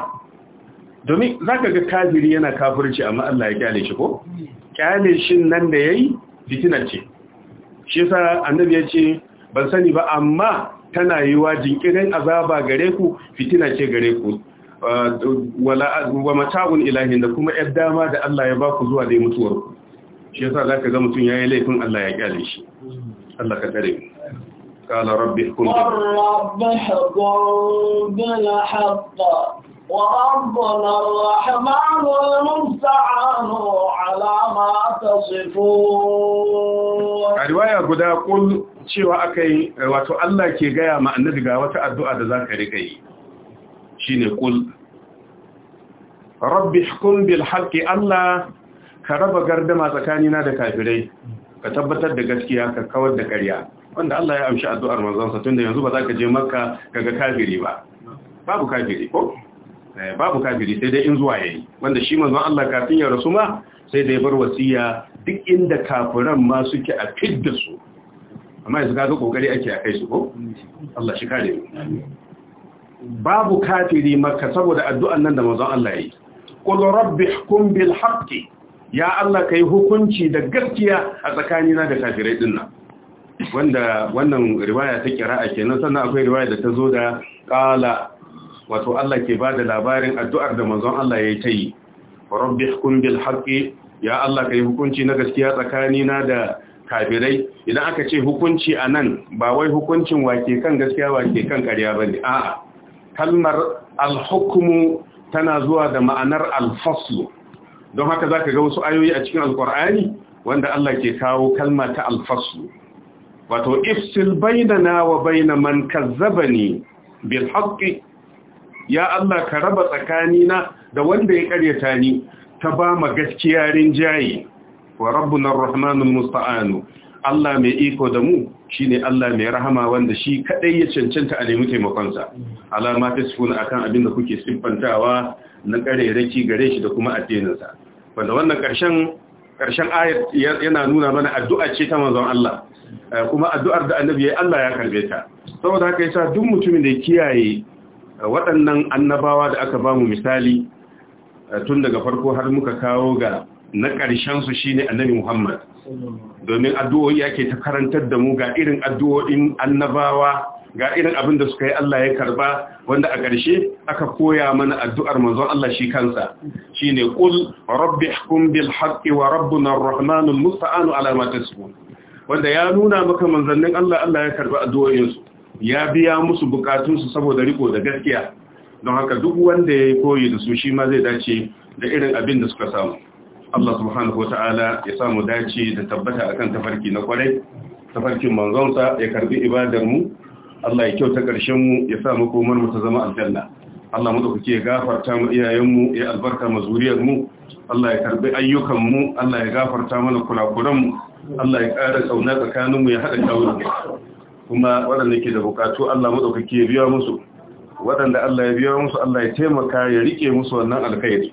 Speaker 2: domin zaka ga kafiri yana kafirci amma Allah ya kyale shi ko kyale shin nan da yayi fitina ce shi yasa annabi ya ce ban sani ba amma tana yi wa jinkirin azaba gare ku fitina ce gare ku uh, wa mata'un ilahin da kuma yar dama da Allah ya ba ku zuwa dai mutuwar ku shi yasa ka ga mutum yayi laifin Allah ya kyale shi Allah ka tare mu قال رب احكم
Speaker 1: رب احكم بالحق وربنا الرحمن المستعان على ما تصفون
Speaker 2: الرواية قل cewa aka yi eh, wato Allah ke gaya ma annabi ga wata addu'a da za ka riƙa yi shi ne kul. rabbi hukun bil haƙi Allah ka raba gardama tsakanina da kafirai ka tabbatar da gaskiya ka kawar da ƙarya wanda Allah ya amshi addu'ar manzansa tun da yanzu ba za ka je makka kaga kafiri ba babu kafiri ko eh, babu kafiri sai dai in zuwa yayi wanda shi manzon Allah kafin ya rasu ma sai da ya bar wasiya duk inda kafiran ma suke a fidda su amma yanzu kaga kokari ake a kai su ko Allah shi kare babu kafiri makka saboda addu'an nan da manzon Allah yi qul rabbi hukum bil haqqi ya Allah kai hukunci da gaskiya a tsakanina da kafirai dinnan wanda wannan riwaya ta kira'a kenan sannan akwai riwaya da ta zo da qala wato Allah ke bada labarin addu'ar da manzon Allah yayi tayi rabbi hukum bil haqqi ya Allah kai hukunci na gaskiya tsakanina da kafirai idan aka ce hukunci a nan ba wai hukuncin wake kan gaskiya wake kan karya ba ne a'a kalmar alhukumu tana zuwa da ma'anar alfaslu don haka za ka ga wasu ayoyi a cikin alkur'ani wanda Allah ke kawo kalma ta alfaslu wato ifsil bainana wa baina man kazzabani bil haqqi ya Allah ka raba tsakanina da wanda ya karyata ni ta ba ma gaskiya rinjaye wa na rahmanul musta'anu Allah mai iko da mu shine Allah mai rahama wanda shi kadai ya cancanta a nemi taimakon sa alama ta sifuna akan abin da kuke siffantawa na kareraki gare shi da kuma addininsa. wanda wannan karshen ayat yana nuna mana addu'a ce ta manzon Allah eh, kuma addu'ar da annabi ya Allah ya karbe ta saboda haka yasa duk mutumin da kiyaye eh, waɗannan annabawa da aka bamu misali eh, tun daga farko har muka kawo ga na ƙarshen su ne annabi Muhammad domin addu'o'i yake ta karantar da mu ga irin addu'o'in annabawa ga irin abin da suka yi Allah ya karba wanda a ƙarshe aka koya mana addu'ar manzon Allah shi kansa Shi ne ƙul rabbi hukum bil haqqi wa rabbi na rahmanin musta'anu ala wanda ya nuna maka manzannin Allah Allah ya karba addu'o'insu ya biya musu bukatunsu saboda riko da gaskiya don haka duk wanda ya yi koyi da su shi ma zai dace da irin abin da suka samu Allah subhanahu ta'ala ya samu dace da tabbata akan tafarki na kwarai tafarkin manzonsa ya karbi ibadar mu Allah ya kyauta ƙarshen mu ya sa makomar mu ta zama aljanna Allah mu ɗauki ya gafarta mu iyayen mu ya albarka mu zuriyarmu. mu Allah ya karbi ayyukan mu Allah ya gafarta mana kurakuranmu. mu Allah ya ƙara kauna tsakanin mu ya hada kawunan kuma waɗanda ke da bukatu Allah mu ɗauki ya biya musu waɗanda Allah ya biya musu Allah ya taimaka ya rike musu wannan alkhairi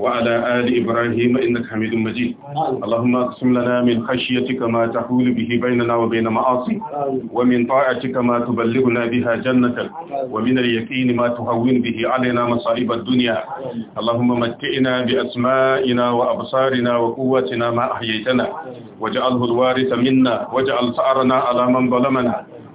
Speaker 2: وعلى آل إبراهيم إنك حميد مجيد اللهم اقسم لنا من خشيتك ما تحول به بيننا وبين معاصي ومن طاعتك ما تبلغنا بها جنتك ومن اليقين ما تهون به علينا مصائب الدنيا اللهم متئنا بأسمائنا وأبصارنا وقوتنا ما أحييتنا واجعله الوارث منا واجعل ثأرنا على من ظلمنا